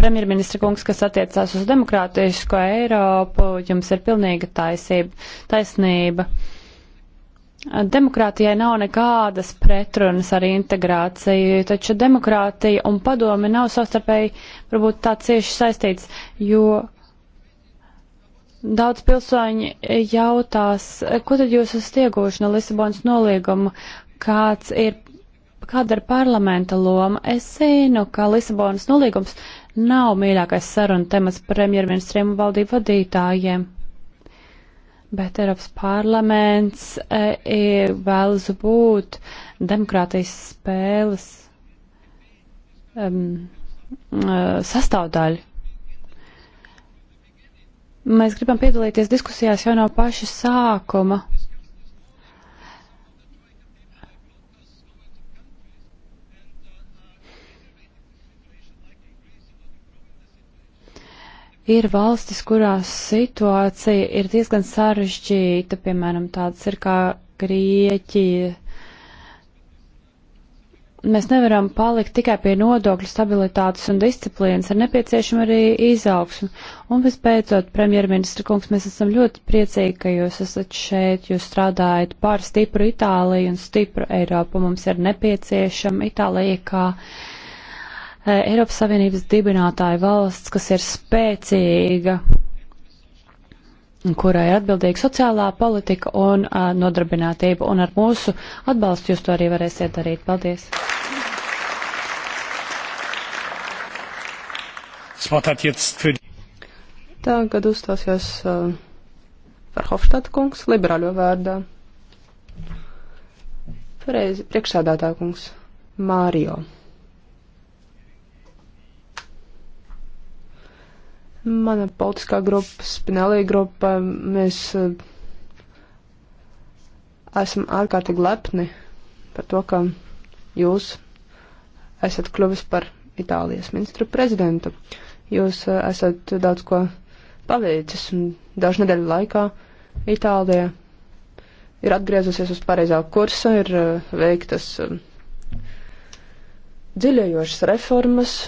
premjerministra kungs, kas attiecās uz demokrātisko Eiropu, jums ir pilnīga taisība, taisnība. taisnība Demokrātijai nav nekādas pretrunas ar integrāciju, taču demokrātija un padome nav savstarpēji varbūt tā cieši saistīts, jo daudz pilsoņi jautās, ko tad jūs esat ieguvuši no Lisabonas nolieguma, kāds ir, kāda ir parlamenta loma. Es zinu, ka Lisabonas noliegums nav mīļākais saruna temats premjerministriem un valdību vadītājiem bet Eiropas parlaments e, vēlas būt demokrātijas spēles um, sastāvdaļa. Mēs gribam piedalīties diskusijās jau no paša sākuma. Ir valstis, kurās situācija ir diezgan sarežģīta, piemēram, tādas ir kā Grieķija. Mēs nevaram palikt tikai pie nodokļu stabilitātes un disciplīnas, ir nepieciešama arī izaugsme. Un visbeidzot, premjerministra kungs, mēs esam ļoti priecīgi, ka jūs esat šeit, jūs strādājat par stipru Itāliju un stipru Eiropu. Mums ir nepieciešama Itālija kā. Ka Eh, Eiropas Savienības dibinātāja valsts, kas ir spēcīga, kurai atbildīga sociālā politika un uh, nodarbinātība. Un ar mūsu atbalstu jūs to arī varēsiet darīt. Paldies! Tagad uzstāsies uh, Verhofstadt kungs, liberāļo vārdā. Pareizi, priekšsādātā kungs, Mārio. Mana politiskā grupa, Spinelī grupa, mēs eh, esam ārkārtīgi lepni par to, ka jūs esat kļuvis par Itālijas ministru prezidentu. Jūs eh, esat daudz ko paveicis un dažu nedēļu laikā Itālija ir atgriezusies uz pareizā kursa, ir eh, veiktas dziļajošas reformas,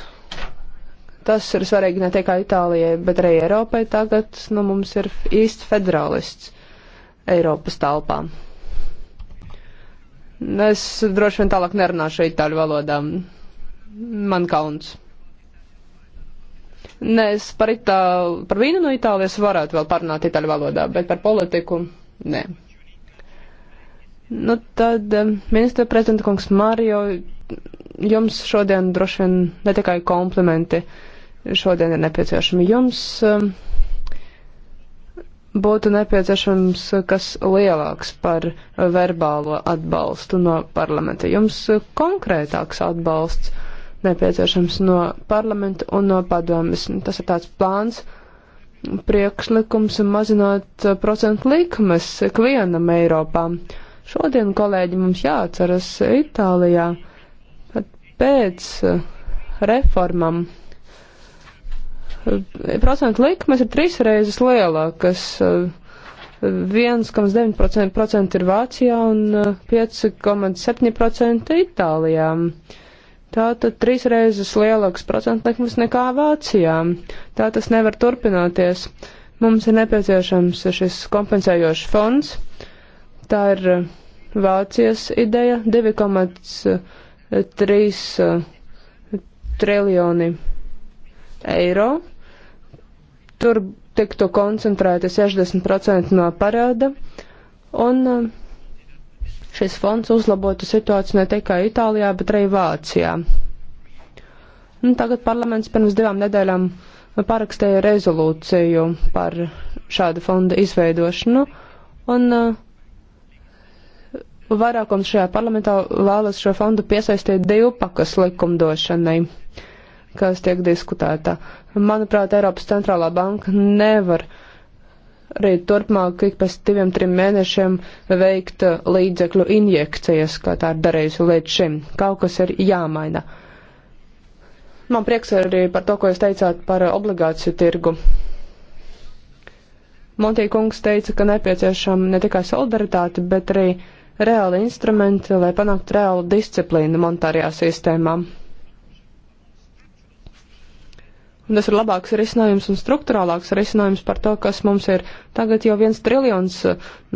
Tas ir svarīgi ne tikai Itālijai, bet arī Eiropai. Tagad nu, mums ir īsts federālists Eiropas talpā. Es droši vien tālāk nerunāšu itāļu valodā. Man kauns. Nē, es par, itā, par vīnu no Itālijas varētu vēl parunāt itāļu valodā, bet par politiku nē. Nu, tad, eh, ministra prezidenta kungs Mario, jums šodien droši vien ne tikai komplimenti. Uh, šodien ir nepieciešami. Jums um, būtu nepieciešams uh, kas lielāks par verbālo atbalstu no parlamenta. Jums uh, konkrētāks atbalsts nepieciešams no parlamenta un no padomis. Tas ir tāds plāns, priekšlikums mazināt uh, procentu likmes ikvienam Eiropā. Šodien, kolēģi, mums jāatceras Itālijā, pat pēc reformam procentu likmes ir trīs reizes lielākas. 1,9% ir Vācijā un 5,7% eh, Itālijā. Tātad trīs reizes lielāks procentu likmes nekā Vācijā. Tā tas nevar turpināties. Mums ir nepieciešams šis kompensējošs fonds. Tā ir eh, Vācijas ideja 2,3 eh, triljoni eiro Tur tiktu koncentrēti 60% no parāda, un eh, šis fonds uzlabotu situāciju ne tikai Itālijā, bet arī Vācijā. Nu, tagad parlaments pirms divām nedēļām parakstīja rezolūciju par šāda fonda izveidošanu, un uh, vairākums šajā parlamentā vēlas šo fondu piesaistīt divpakas likumdošanai. Uh, kas tiek diskutēta. Manuprāt, Eiropas centrālā banka nevar arī turpmāk ik pēc diviem, trim mēnešiem veikt uh, līdzekļu injekcijas, kā tā ir darījusi līdz šim. Kaut kas ir jāmaina. Man prieks arī par to, ko jūs teicāt par obligāciju tirgu. Montija kungs teica, ka nepieciešama ne tikai solidaritāte, bet arī reāli instrumenti, lai panāktu reālu disciplīnu monetārajā sistēmā. Un tas ir labāks risinājums un struktūrālāks risinājums par to, kas mums ir. Tagad jau viens triljons uh,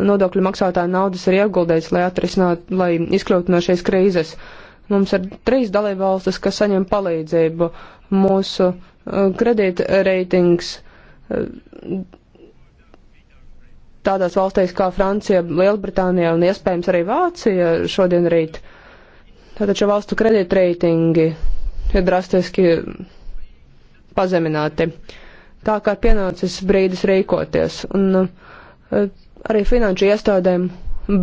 nodokļu maksātāju naudas ir ieguldīts, lai atrisinātu, lai izkļūtu no šīs krīzes. Mums ir trīs dalībvalstis, kas saņem palīdzību. Mūsu uh, kredītreitings uh, tādās valstīs kā Francija, Lielbritānija un iespējams arī Vācija šodien rīt. Tātad šo valstu kredītreitingi ir drastiski pazemināti. Tā kā pienācis brīdis rīkoties. Un eh, arī finanšu iestādēm,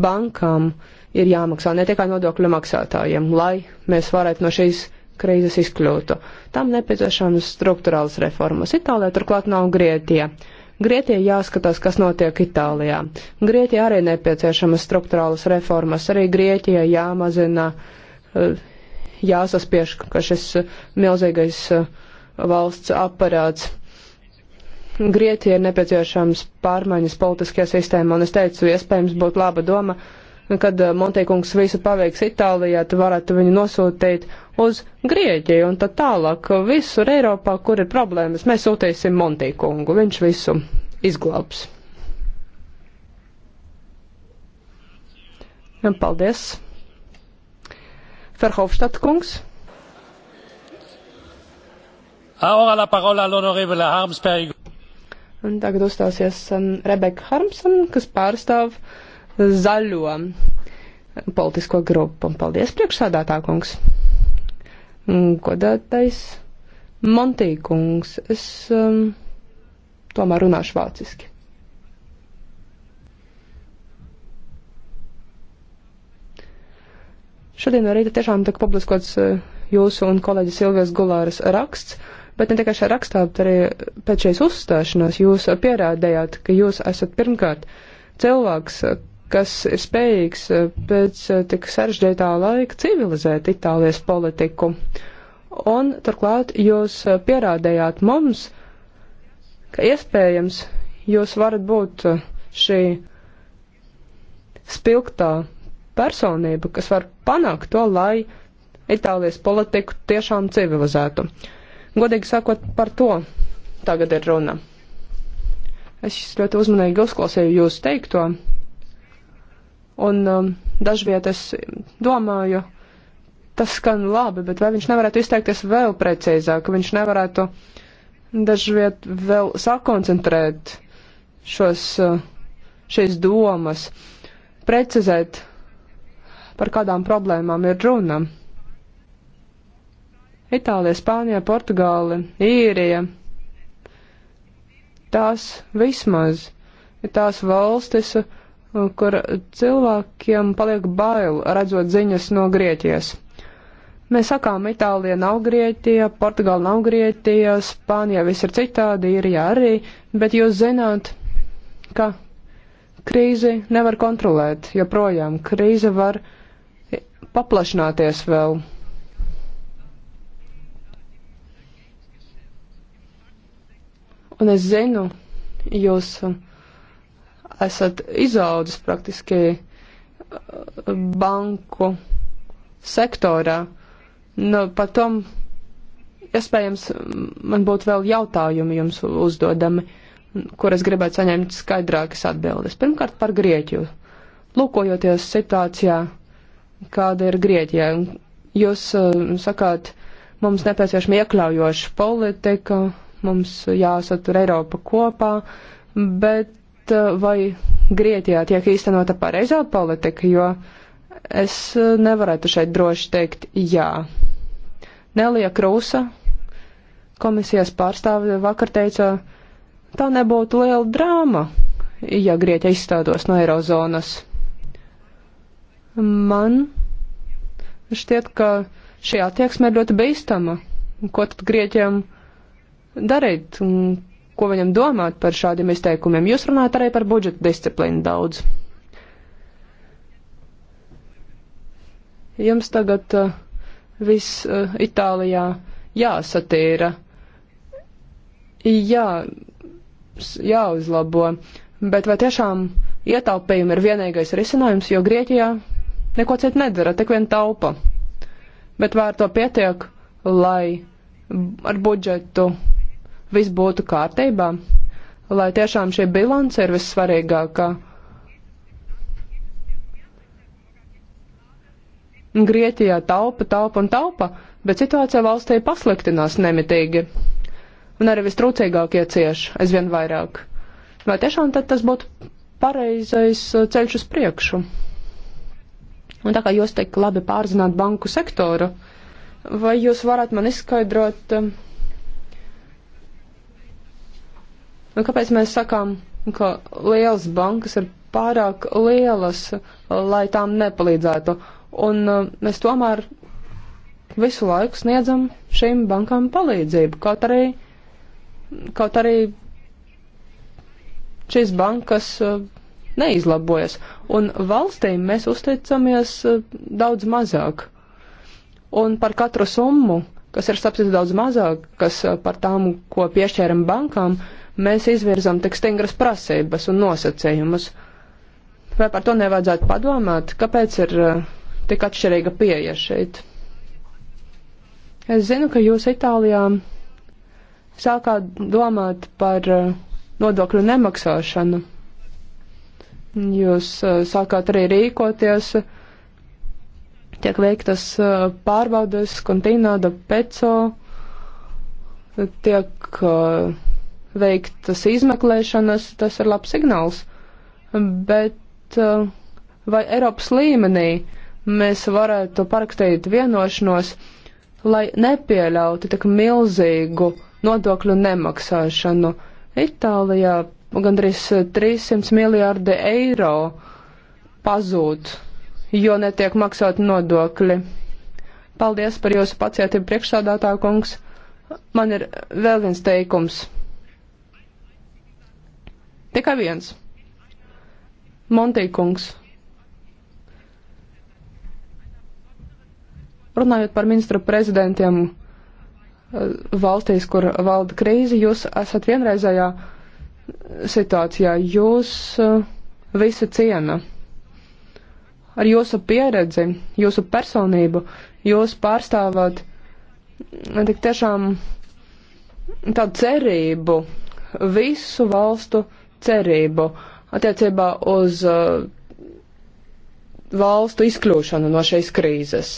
bankām ir jāmaksā, ne tikai nodokļu maksātājiem, lai mēs varētu no šīs krīzes izkļūtu. Tam nepieciešamas struktūrāls reformas. Itālijā turklāt nav Grietie. Grietie jāskatās, kas notiek Itālijā. Grietie arī nepieciešamas struktūrālas reformas. Arī Grieķija jāmazina, eh, jāsaspiež, ka šis milzīgais uh, valsts aparāts. Grieķija ir nepieciešams pārmaiņas politiskajā sistēmā, un es teicu, iespējams būtu laba doma, kad uh, Montīkungs visu paveiks Itālijā, tu varētu viņu nosūtīt uz Grieķiju, un tad tālāk visur Eiropā, kur ir problēmas, mēs sūtīsim Montīkungu, viņš visu izglābs. Paldies! Ferhofstadt kungs. Un tagad uzstāsies um, Rebeka Harmsona, kas pārstāv zaļo politisko grupu. Un paldies, priekšsādātā kungs. Godātais Montī kungs, es um, tomēr runāšu vāciski. Šodien no rīta tiešām tika publiskots uh, jūsu un kolēģis Silvijas Gulāras raksts bet ne tikai šajā rakstā, bet arī pēc šīs uzstāšanās jūs pierādējāt, ka jūs esat pirmkārt cilvēks, kas ir spējīgs eh, pēc eh, tik sarežģītā laika civilizēt Itālijas politiku. Un turklāt jūs eh, pierādējāt mums, ka iespējams jūs varat būt šī spilgtā personība, kas var panākt to, lai Itālijas politiku tiešām civilizētu. Uh, Godīgi sakot, par to tagad ir runa. Es ļoti uzmanīgi uzklausīju jūsu teikto, un um, dažviet es domāju, tas skan labi, bet vai viņš nevarētu izteikties vēl precīzāk, viņš nevarētu dažviet vēl sakoncentrēt šos, uh, šīs domas, precizēt, par kādām problēmām ir runa. Itālija, Spānija, Portugāla, Īrija. Tās vismaz ir tās valstis, kur cilvēkiem paliek bail redzot ziņas no Grieķijas. Mēs sakām, Itālija nav Grieķija, Portugāla nav Grieķija, Spānija viss ir citādi, Īrija arī, bet jūs zināt, ka krīzi nevar kontrolēt, joprojām krīze var paplašināties vēl. Un es zinu, jūs esat izaudzis praktiski uh, banku sektorā. Nu, par tom, iespējams, mm, man būtu vēl jautājumi jums uzdodami, kur es gribētu saņemt skaidrākas atbildes. Pirmkārt, par Grieķiju. Lūkojoties situācijā, kāda ir Grieķijā, jūs uh, sakāt, mums nepieciešama iekļaujoša politika, mums jāsatur Eiropa kopā, bet eh, vai Grietijā tiek īstenota pareizā politika, jo es eh, nevarētu šeit droši teikt jā. Nelija Krūsa, komisijas pārstāve, vakar teica, tā nebūtu liela drāma, ja Grieķija izstādos no Eirozonas. Man šķiet, ka šī attieksme ir ļoti bīstama. Ko tad Grieķiem? darīt un ko viņam domāt par šādiem izteikumiem. Jūs runājat arī par budžeta disciplīnu daudz. Jums tagad uh, viss uh, Itālijā jāsatīra, jā, jāuzlabo, bet vai tiešām ietaupījumi ir vienīgais risinājums, jo Grieķijā neko citu nedara, tik vien taupa. Bet vai ar to pietiek, lai ar budžetu viss būtu kārtībā, lai tiešām šī bilance ir vissvarīgākā. Grieķijā taupa, taupa un taupa, bet situācija valstī pasliktinās nemitīgi. Un arī vistrūcīgākie cieš aizvien vairāk. Vai tiešām tad tas būtu pareizais uh, ceļš uz priekšu? Un tā kā jūs teikt labi pārzināt banku sektoru, vai jūs varat man izskaidrot, um, Nu, kāpēc mēs sakām, ka lielas bankas ir pārāk lielas, lai tām nepalīdzētu? Un uh, mēs tomēr visu laiku sniedzam šīm bankām palīdzību, kaut arī, kaut arī šīs bankas uh, neizlabojas. Un valstīm mēs uzticamies uh, daudz mazāk. Un par katru summu, kas ir sapcīt daudz mazāk, kas par tām, ko piešķēram bankām, uh, mēs izvirzam tik stingras prasības un nosacījumus. Vai par to nevajadzētu padomāt? Kāpēc ir eh, tik atšķirīga pieeja šeit? Es zinu, ka jūs Itālijā sākāt domāt par eh, nodokļu nemaksāšanu. Jūs eh, sākāt arī rīkoties, tiek veiktas pārbaudes, kontīnāda, peco, tiek uh, veiktas izmeklēšanas, tas ir labs signāls. Bet eh, vai Eiropas līmenī mēs varētu parakstīt vienošanos, lai nepieļautu tik milzīgu nodokļu nemaksāšanu? Itālijā gandrīz 300 miljārdi eiro pazūd, jo netiek maksāti nodokļi. Paldies par jūsu pacietību priekšsādātā kungs. Man ir vēl viens teikums. Tikai viens. Montīkungs. Runājot par ministru prezidentiem eh, valstīs, kur valda krīze, jūs esat vienreizējā situācijā. Jūs eh, visi ciena. Ar jūsu pieredzi, jūsu personību, jūs pārstāvāt mm, tik tiešām tādu cerību visu valstu cerību attiecībā uz uh, valstu izkļūšanu no šīs krīzes.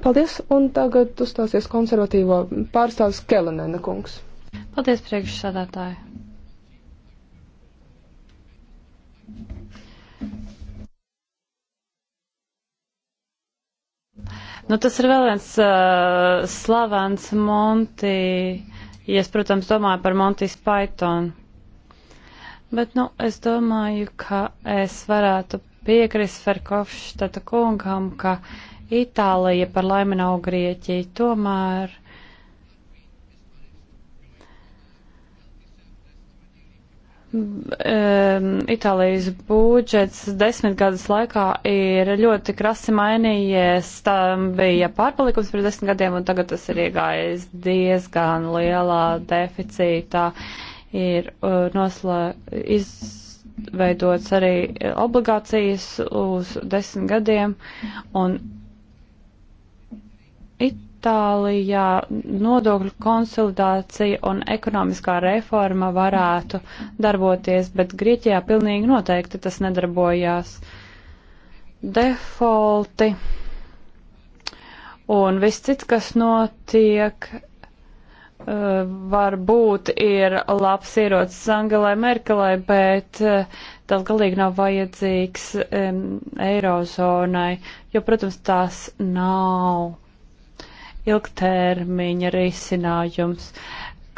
Paldies, un tagad uzstāsies konservatīvo pārstāvis Kelenēna kungs. Paldies, priekšsādātāji. Nu, tas ir vēl viens uh, slavens Monti. Uh, Ja es, protams, domāju par Montis Python. Bet, nu, es domāju, ka es varētu piekrist Ferkovštata kungam, ka Itālija par laimi nav Grieķija. Tomēr Itālijas budžets desmit gadus laikā ir ļoti krasi mainījies. Tā bija pārpalikums pirms desmit gadiem, un tagad tas ir iegājis diezgan lielā deficītā. Ir uh, noslē, izveidots arī obligācijas uz desmit gadiem, un It Itālijā nodokļu konsolidācija un ekonomiskā reforma varētu darboties, bet Grieķijā pilnīgi noteikti tas nedarbojās. Defolti un viss cits, kas notiek, eh, varbūt ir labs ierocis Angelai Merkelai, bet eh, tas galīgi nav vajadzīgs um, eirozonai, jo, protams, tās nav ilgtermiņa risinājums.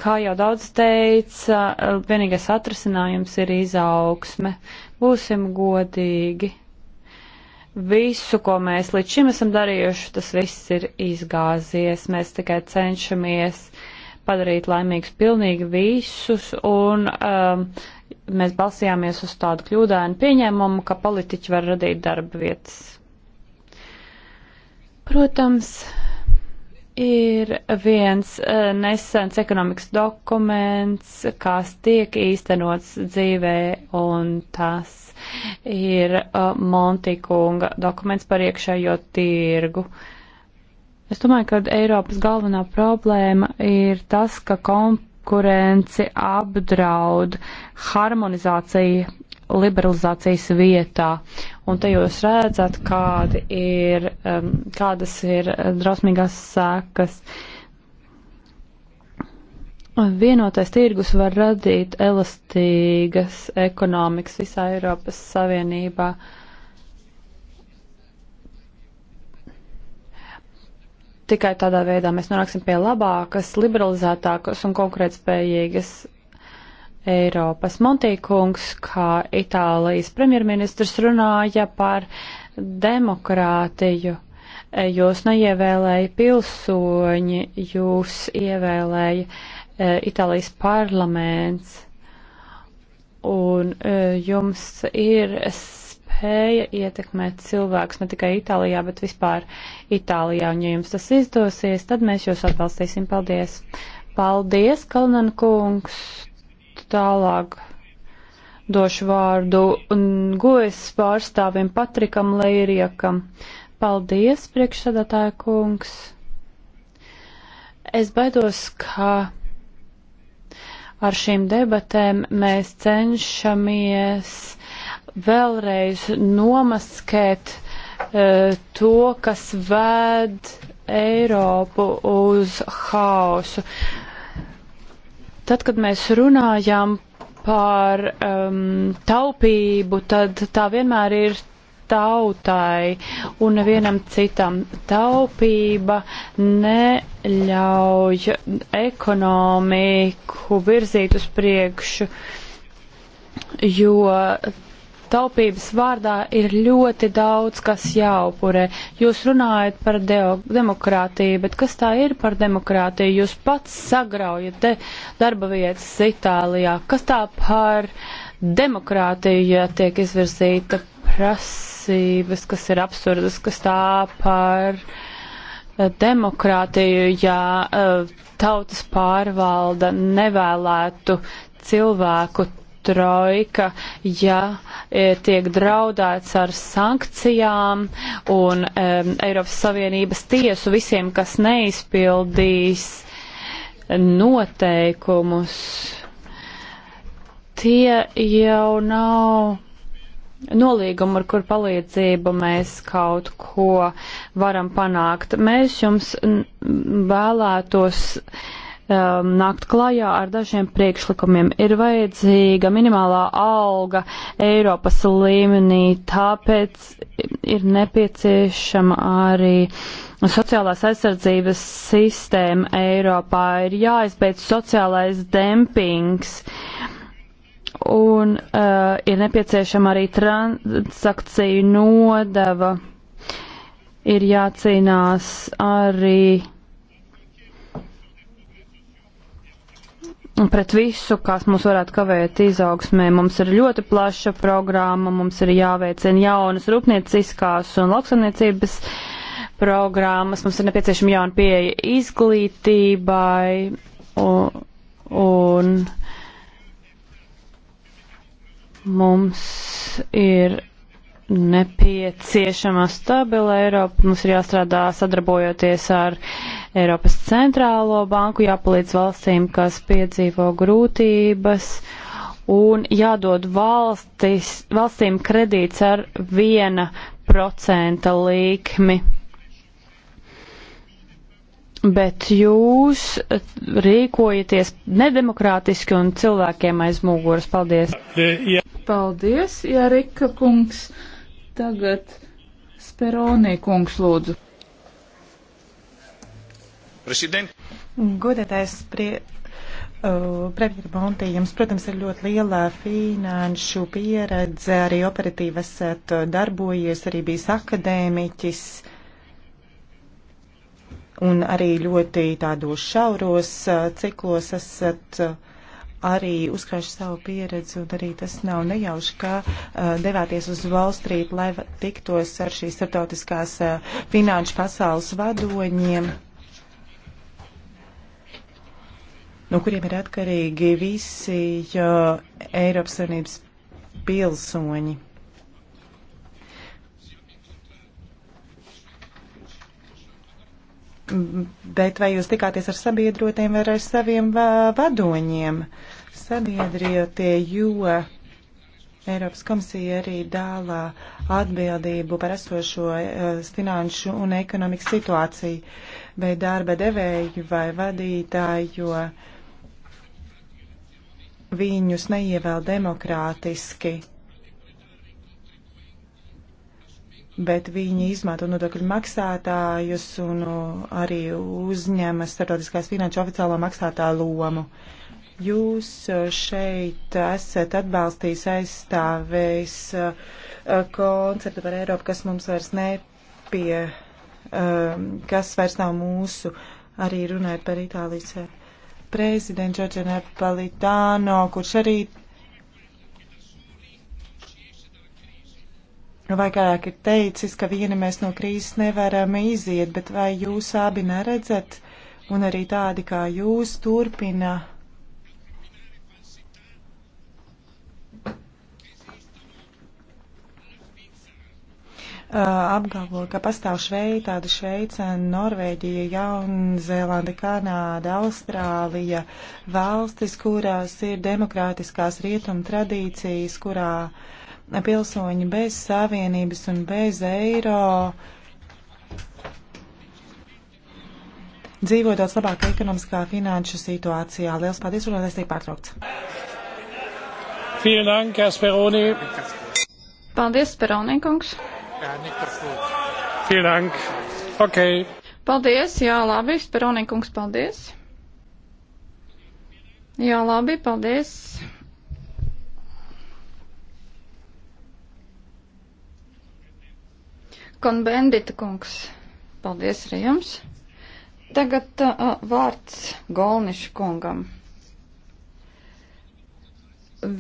Kā jau daudz teica, vienīgais atrisinājums ir izaugsme. Būsim godīgi. Visu, ko mēs līdz šim esam darījuši, tas viss ir izgāzies. Mēs tikai cenšamies padarīt laimīgus pilnīgi visus, un um, mēs balsījāmies uz tādu kļūdainu pieņēmumu, ka politiķi var radīt darba vietas. Protams, Ir viens eh, nesens ekonomikas dokuments, kas tiek īstenots dzīvē, un tas ir eh, Montikunga dokuments par iekšējo tirgu. Es domāju, ka Eiropas galvenā problēma ir tas, ka konkurence apdraud harmonizāciju liberalizācijas vietā. Un te jūs redzat, kādi ir, um, kādas ir uh, drausmīgās sēkas. Vienotais tirgus var radīt elastīgas ekonomikas visā Eiropas Savienībā. Tikai tādā veidā mēs nonāksim pie labākas, liberalizētākas un konkurētspējīgas Eiropas. Montīkungs, kā Itālijas premjerministrs, runāja par demokrātiju. Jūs neievēlēja pilsoņi, jūs ievēlēja e, Itālijas parlaments. Un e, jums ir spēja ietekmēt cilvēkus ne tikai Itālijā, bet vispār Itālijā. Un ja jums tas izdosies, tad mēs jūs atbalstīsim. Paldies! Paldies, Kalnan kungs! tālāk došu vārdu gojas pārstāvim Patrikam Leiriekam. Paldies, priekšsadatāja kungs. Es baidos, ka ar šīm debatēm mēs cenšamies vēlreiz nomaskēt uh, to, kas ved Eiropu uz haosu. Uh, Tad, kad mēs runājam par um, taupību, tad tā vienmēr ir tautai un nevienam citam. Taupība neļauj ekonomiku virzīt uz priekšu, jo taupības vārdā ir ļoti daudz, kas jāupurē. Jūs runājat par demokrātiju, bet kas tā ir par demokrātiju? Jūs pats sagraujat darba vietas Itālijā. Kas tā par demokrātiju, ja tiek izvirzīta prasības, kas ir absurdas, kas tā par eh, demokrātiju, ja eh, tautas pārvalda nevēlētu cilvēku trojka, ja e, tiek draudēts ar sankcijām un um, Eiropas Savienības tiesu visiem, kas neizpildīs noteikumus. Tie jau nav nolīgumu, ar kur palīdzību mēs kaut ko varam panākt. Mēs jums vēlētos uh, um, nākt klajā ar dažiem priekšlikumiem. Ir vajadzīga minimālā alga Eiropas līmenī, tāpēc ir nepieciešama arī sociālās aizsardzības sistēma Eiropā. Ir jāizbeidz sociālais dempings. Un uh, ir nepieciešama arī transakciju nodeva. Ir jācīnās arī Un pret visu, kas mums varētu kavēt izaugsmē, mums ir ļoti plaša programma, mums ir jāveicina jaunas rūpnieciskās un lauksaimniecības programmas, mums ir nepieciešama jauna pieeja izglītībai un, un mums ir nepieciešama stabila Eiropa, mums ir jāstrādā sadarbojoties ar uh, Eiropas centrālo banku, jāpalīdz valstīm, kas piedzīvo grūtības un jādod valstis, valstīm kredīts ar viena procenta līkmi. Bet jūs rīkojaties nedemokrātiski un cilvēkiem aiz muguras. Paldies! Paldies, Jārika kungs! Tagad Speronī kungs lūdzu. President. Godētais prie, uh, premjera Monti, jums, protams, ir ļoti liela finanšu pieredze, arī operatīvi esat uh, darbojies, arī bijis akadēmiķis un arī ļoti tādos šauros uh, ciklos esat. Uh, arī uzkrājuši savu pieredzi, un arī tas nav nejauši, ka uh, devāties uz Wall Street, lai tiktos ar šīs starptautiskās uh, finanšu pasaules vadoņiem. Uh, no kuriem ir atkarīgi visi uh, Eiropas Savienības pilsoņi. Bet vai jūs tikāties ar sabiedrotiem vai ar saviem vadoņiem? Sabiedriotie, jo Eiropas komisija arī dālā atbildību par esošo uh, finanšu un ekonomikas situāciju, vai darba devēju vai vadītāju, jo uh, viņus neievēl demokrātiski, bet viņi izmanto nodokļu maksātājus un nu, arī uzņemas starptautiskās finanšu oficiālo maksātāju lomu. Jūs uh, šeit esat atbalstījis aizstāvējis uh, uh, konceptu par Eiropu, kas mums vairs nepie, um, kas vairs nav mūsu, arī runājot par Itālijas prezidentu Džordža Napolitāno, kurš arī nu, vairāk ir teicis, ka vieni mēs no krīzes nevaram iziet, bet vai jūs abi neredzat, un arī tādi kā jūs turpina Uh, apgalvo, ka pastāv Šveitāda, Šveica, Norvēģija, Jaunzēlanda, Kanāda, Austrālija, valstis, kurās ir demokrātiskās rietuma tradīcijas, kurā pilsoņi bez savienības un bez eiro dzīvo daudz labākā ekonomiskā finanšu situācijā. Liels paldies, runātājs tiek pārtraukts. Vielen Dank, Herr Speroni. Paldies, Speroni kungs. Okay. Paldies, jā, labi, Speronīkungs, paldies. Jā, labi, paldies. Konbendita kungs, paldies arī jums. Tagad uh, vārds Golniša kungam.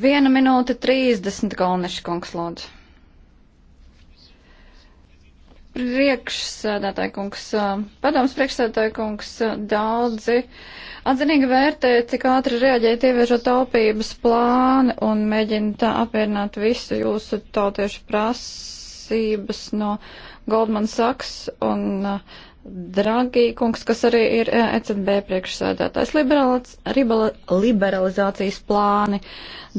Viena minūte trīsdesmit Golniša kungs, lūdzu. Priekšsēdētāji kungs, padoms priekšsēdētāji kungs, daudzi atzinīgi vērtē, cik ātri reaģēt ieviežot taupības plānu un mēģina tā apvienot visu jūsu tautiešu prasības no Goldman Sachs un uh, Dragi kungs, kas arī ir ECB eh, e priekšsēdētājs, liberalizācijas plāni,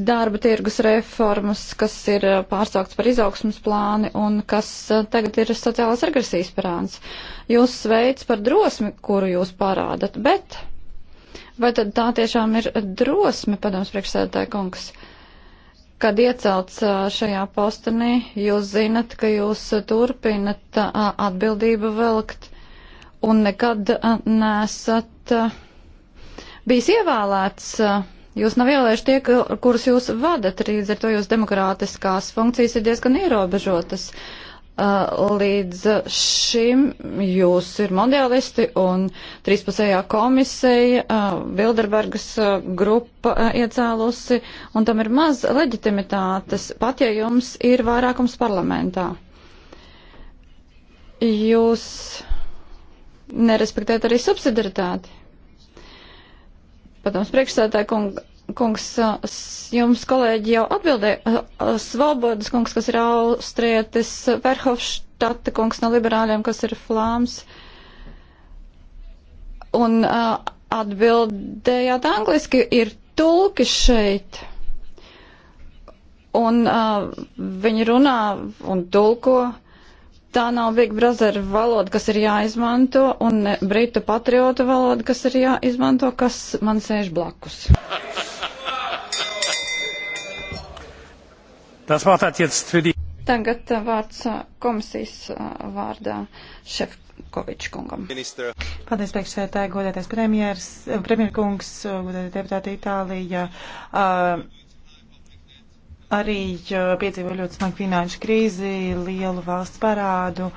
darba tirgus reformas, kas ir eh, pārsaukts par izaugsmas plāni un kas eh, tagad ir sociālās regresijas prāns. Jūs sveic par drosmi, kuru jūs parādat, bet vai tad tā tiešām ir drosme, padoms priekšsēdētāja kungs? kad iecelts šajā postenī, jūs zinat, ka jūs turpinat atbildību velkt un nekad nesat bijis ievēlēts. Jūs nav ievēlējuši tie, kurus jūs vadat, līdz ar to jūs demokrātiskās funkcijas ir diezgan ierobežotas. Līdz šim jūs ir mondialisti un trīspusējā komisija, Bilderbergas grupa iecēlusi, un tam ir maz leģitimitātes, pat ja jums ir vairākums parlamentā. Jūs nerespektēt arī subsidiaritāti. Padoms priekšsētāja kung, kungs, jums kolēģi jau atbildēja, Svobodas kungs, kas ir austrietis, Verhofštata kungs no liberāļiem, kas ir flāms, un atbildējāt angliski, ir tulki šeit un uh, viņi runā un tulko, tā nav Big Brother valoda, kas ir jāizmanto, un Britu patriotu valoda, kas ir jāizmanto, kas man sēž blakus. Tas vārds jetzt für die. Tagad uh, vārds uh, komisijas uh, vārdā Šefkoviča kungam. Minister. Paldies, priekšsētāji, godētais premjers, premjerkungs, godētais deputāti Itālija. Uh, arī piedzīvo ļoti smagu finanšu krīzi, lielu valsts parādu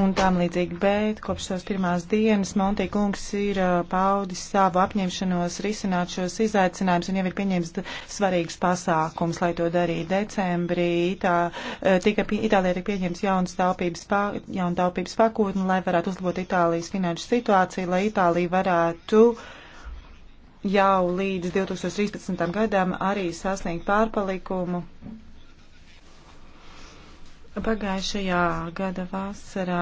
un tam līdzīgi, bet kopš savas pirmās dienas Montī kungs ir uh, paudis savu apņemšanos risināt šos izaicinājumus un jau ir pieņēmis svarīgus pasākums, lai to darītu decembrī. Itā, uh, tika, Itālijā tika pieņems jaunas taupības, pa, jauna taupības pakotni, lai varētu uzlabot Itālijas finanšu situāciju, lai Itālija varētu uh, jau līdz 2013. gadam arī sasniegt pārpalikumu Pagājušajā gada vasarā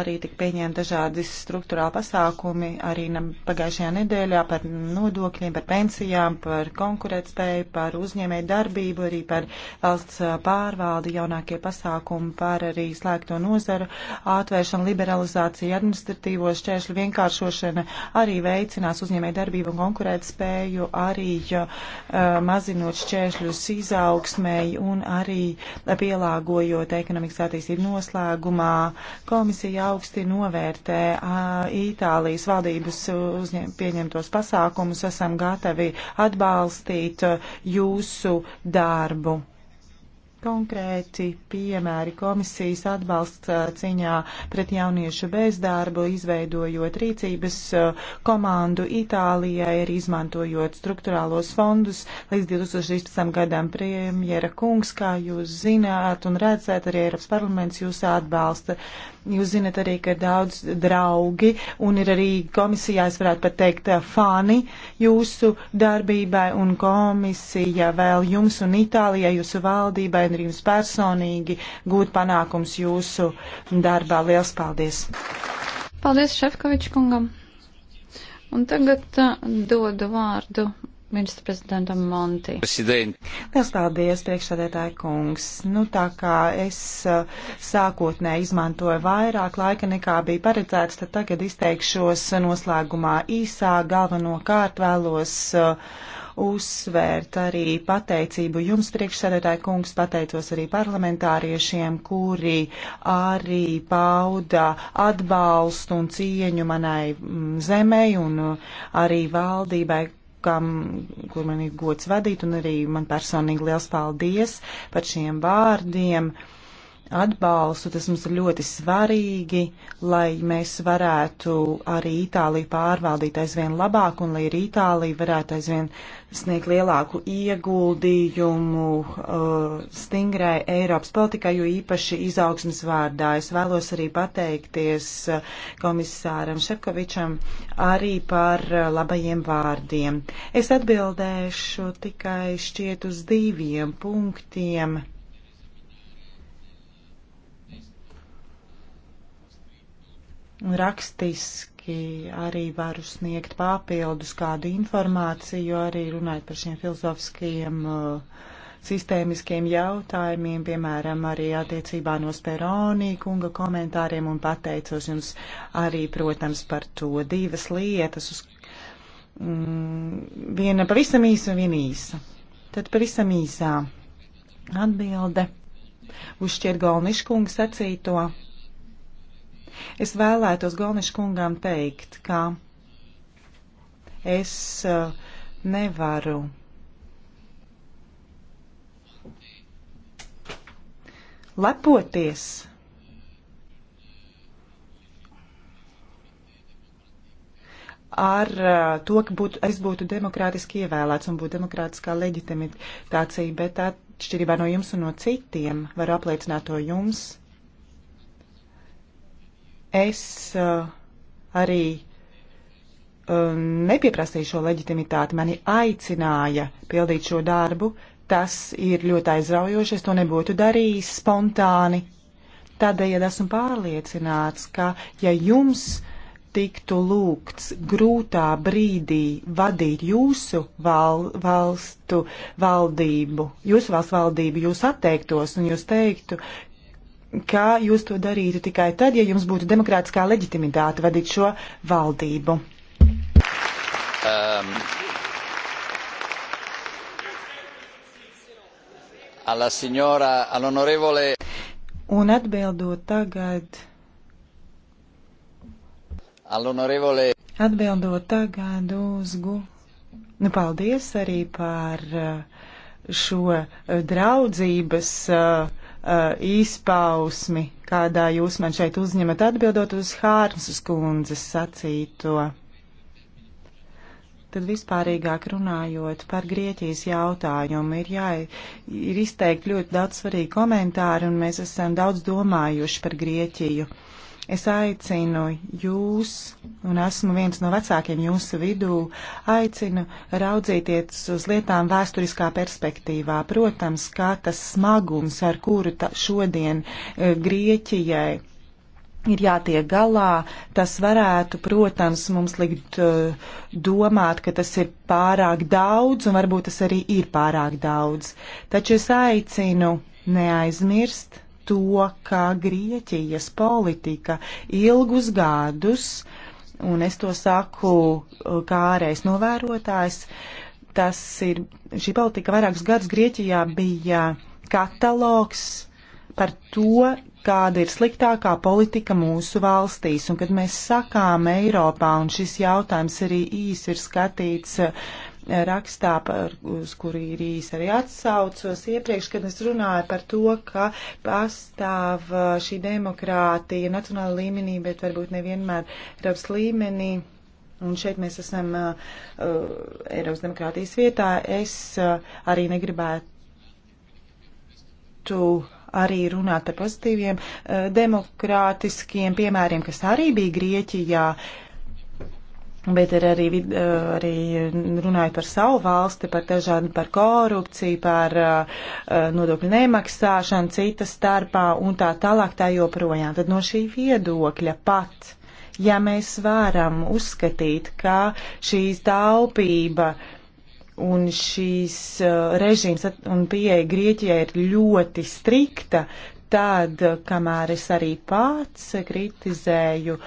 arī tika pieņemti dažādi struktūrāli pasākumi, arī pagājušajā nedēļā par nodokļiem, par pensijām, par konkurētspēju, par uzņēmēju darbību, arī par valsts pārvaldi, jaunākie pasākumi, par arī slēgto nozaru atvēršanu, liberalizāciju, administratīvo šķēršļu vienkāršošana, arī veicinās uzņēmēju darbību un konkurētspēju, arī uh, mazinot šķēršļus izaugsmēji un arī pielāgojot ekonomiku ekonomikas attīstību noslēgumā komisija augsti novērtē Itālijas valdības uzņem, pieņemtos pasākumus. Esam gatavi atbalstīt jūsu darbu. Konkrēti piemēri komisijas atbalsts uh, ciņā pret jauniešu bezdarbu, izveidojot rīcības uh, komandu Itālijai, arī izmantojot struktūrālos fondus līdz 2016. gadam premjera kungs, kā jūs zināt un redzēt, arī Eiropas parlaments jūs atbalsta. Uh, Jūs zinat arī, ka ir daudz draugi un ir arī komisijā, es varētu pat teikt, eh, fani jūsu darbībai un komisija vēl jums un Itālijai, jūsu valdībai un arī jums personīgi gūt panākums jūsu darbā. Liels paldies! Paldies Šefkovičs kungam! Un tagad uh, dodu vārdu Ministra prezidentam Monti. President. Liels paldies, priekšsēdētāji kungs. Nu, tā kā es uh, sākotnē izmantoju vairāk laika nekā bija paredzēts, tad tagad izteikšos noslēgumā īsā. Galvenokārt vēlos uh, uzsvērt arī pateicību jums, priekšsēdētāji kungs, pateicos arī parlamentāriešiem, kuri arī pauda atbalstu un cieņu manai mm, zemei un uh, arī valdībai kam, kur man ir gods vadīt, un arī man personīgi liels paldies par šiem vārdiem. Uh, atbalstu. Tas mums ir ļoti svarīgi, lai mēs varētu arī Itāliju pārvaldīt aizvien labāk un lai arī Itālija varētu aizvien sniegt lielāku ieguldījumu uh, stingrai Eiropas politikai, jo īpaši izaugsmas vārdā. Es vēlos arī pateikties uh, komisāram Šefkovičam arī par uh, labajiem vārdiem. Es atbildēšu tikai šķiet uz diviem punktiem rakstiski arī varu sniegt papildus kādu informāciju, arī runājot par šiem filozofiskajiem uh, sistēmiskiem jautājumiem, piemēram, arī attiecībā no Speronī kunga komentāriem un pateicos jums arī, protams, par to divas lietas. Uz, mm, viena pavisam īsa un viena īsa. Tad pavisam īsā atbilde uz Šķirgalniškunga sacīto Es vēlētos Golniša kungām teikt, ka es uh, nevaru lepoties ar uh, to, ka būtu, es būtu demokrātiski ievēlēts un būtu demokrātiskā leģitimitācija, bet atšķirībā no jums un no citiem var apliecināt to jums Es uh, arī uh, nepieprasīju šo leģitimitāti, mani aicināja pildīt šo darbu. Tas ir ļoti aizraujoši, es to nebūtu darījis spontāni. Tādēļ esmu pārliecināts, ka ja jums tiktu lūgts grūtā brīdī vadīt jūsu val, valstu valdību, jūsu valsts valdību, jūs atteiktos un jūs teiktu, ka jūs to darītu tikai tad, ja jums būtu demokrātiskā leģitimitāte vadīt šo valdību. Um. Alla signora, all'onorevole. Un atbildot tagad. All'onorevole. Atbildot tagad uz gu. Nu, paldies arī par uh, šo uh, draudzības uh, Uh, izpausmi, kādā jūs man šeit uzņemat atbildot uz Hārmas kundzes sacīto. Tad vispārīgāk runājot par Grieķijas jautājumu, ir, jā, ir izteikti ļoti daudz svarīgi komentāri, un mēs esam daudz domājuši par Grieķiju. Uh, Es aicinu jūs, un esmu viens no vecākiem jūsu vidū, aicinu raudzīties uz lietām vēsturiskā perspektīvā. Protams, kā tas smagums, ar kuru šodien e, Grieķijai ir jātiek galā, tas varētu, protams, mums likt uh, domāt, ka tas ir pārāk daudz, un varbūt tas arī ir pārāk daudz. Taču es aicinu neaizmirst to, ka Grieķijas politika ilgus gadus, un es to saku uh, kā ārējs novērotājs, tas ir, šī politika vairākus gadus Grieķijā bija katalogs par to, kāda ir sliktākā politika mūsu valstīs. Un kad mēs sakām Eiropā, un šis jautājums arī īsi ir skatīts uh, rakstā, par, uz kuru ir īsi arī atsaucos iepriekš, kad es runāju par to, ka pastāv uh, šī demokrātija nacionāla līmenī, bet varbūt nevienmēr Eiropas līmenī. Un šeit mēs esam uh, uh, Eiropas demokrātijas vietā. Es uh, arī negribētu arī runāt par pozitīviem uh, demokrātiskiem piemēriem, kas arī bija Grieķijā. Uh, Bet ir arī, vid, eh, arī runājot par savu valsti, par dažādu, par korupciju, par eh, eh, nodokļu nemaksāšanu, citas starpā un tā tālāk tā joprojām. Tad no šī viedokļa pat, ja mēs varam uzskatīt, ka šīs taupība un šīs režīms un pieeja Grieķijai ir ļoti strikta, tad, kamēr es arī pats kritizēju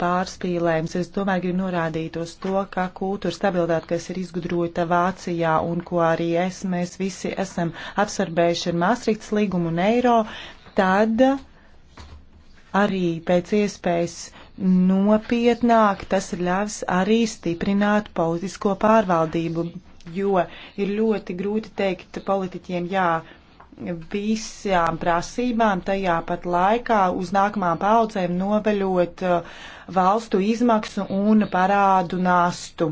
pārspīlējums. Es tomēr gribu norādīt uz to, ka kultūra stabilitāte, kas ir izgudrota Vācijā un ko arī es, mēs visi esam absorbējuši ar Māstrītas līgumu un eiro, tad arī pēc iespējas nopietnāk tas ļaus arī stiprināt politisko pārvaldību, jo ir ļoti grūti teikt politiķiem jā visām prasībām, tajā pat laikā uz nākamām paudzēm noveļot uh, valstu izmaksu un parādu nastu.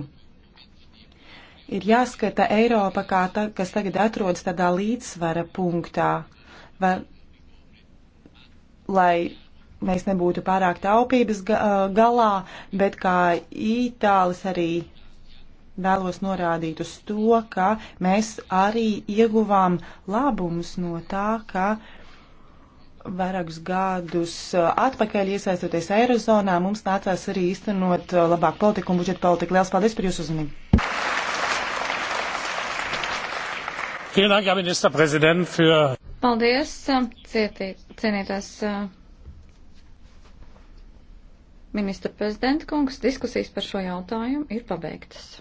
Ir jāskata Eiropa, kā ta, kas tagad atrodas tādā līdzsvara punktā, vai, lai mēs nebūtu pārāk taupības ga, galā, bet kā Itālis arī vēlos norādīt uz to, ka mēs arī ieguvām labumus no tā, ka uh, vairākus gadus atpakaļ iesaistoties Eirozonā, mums nācās arī īstenot uh, labāk politiku un budžeta politiku. Lielas paldies par jūsu uzmanību. Paldies, um, cietī, cienītās uh, ministra prezidenta kungs. Diskusijas par šo jautājumu ir pabeigtas.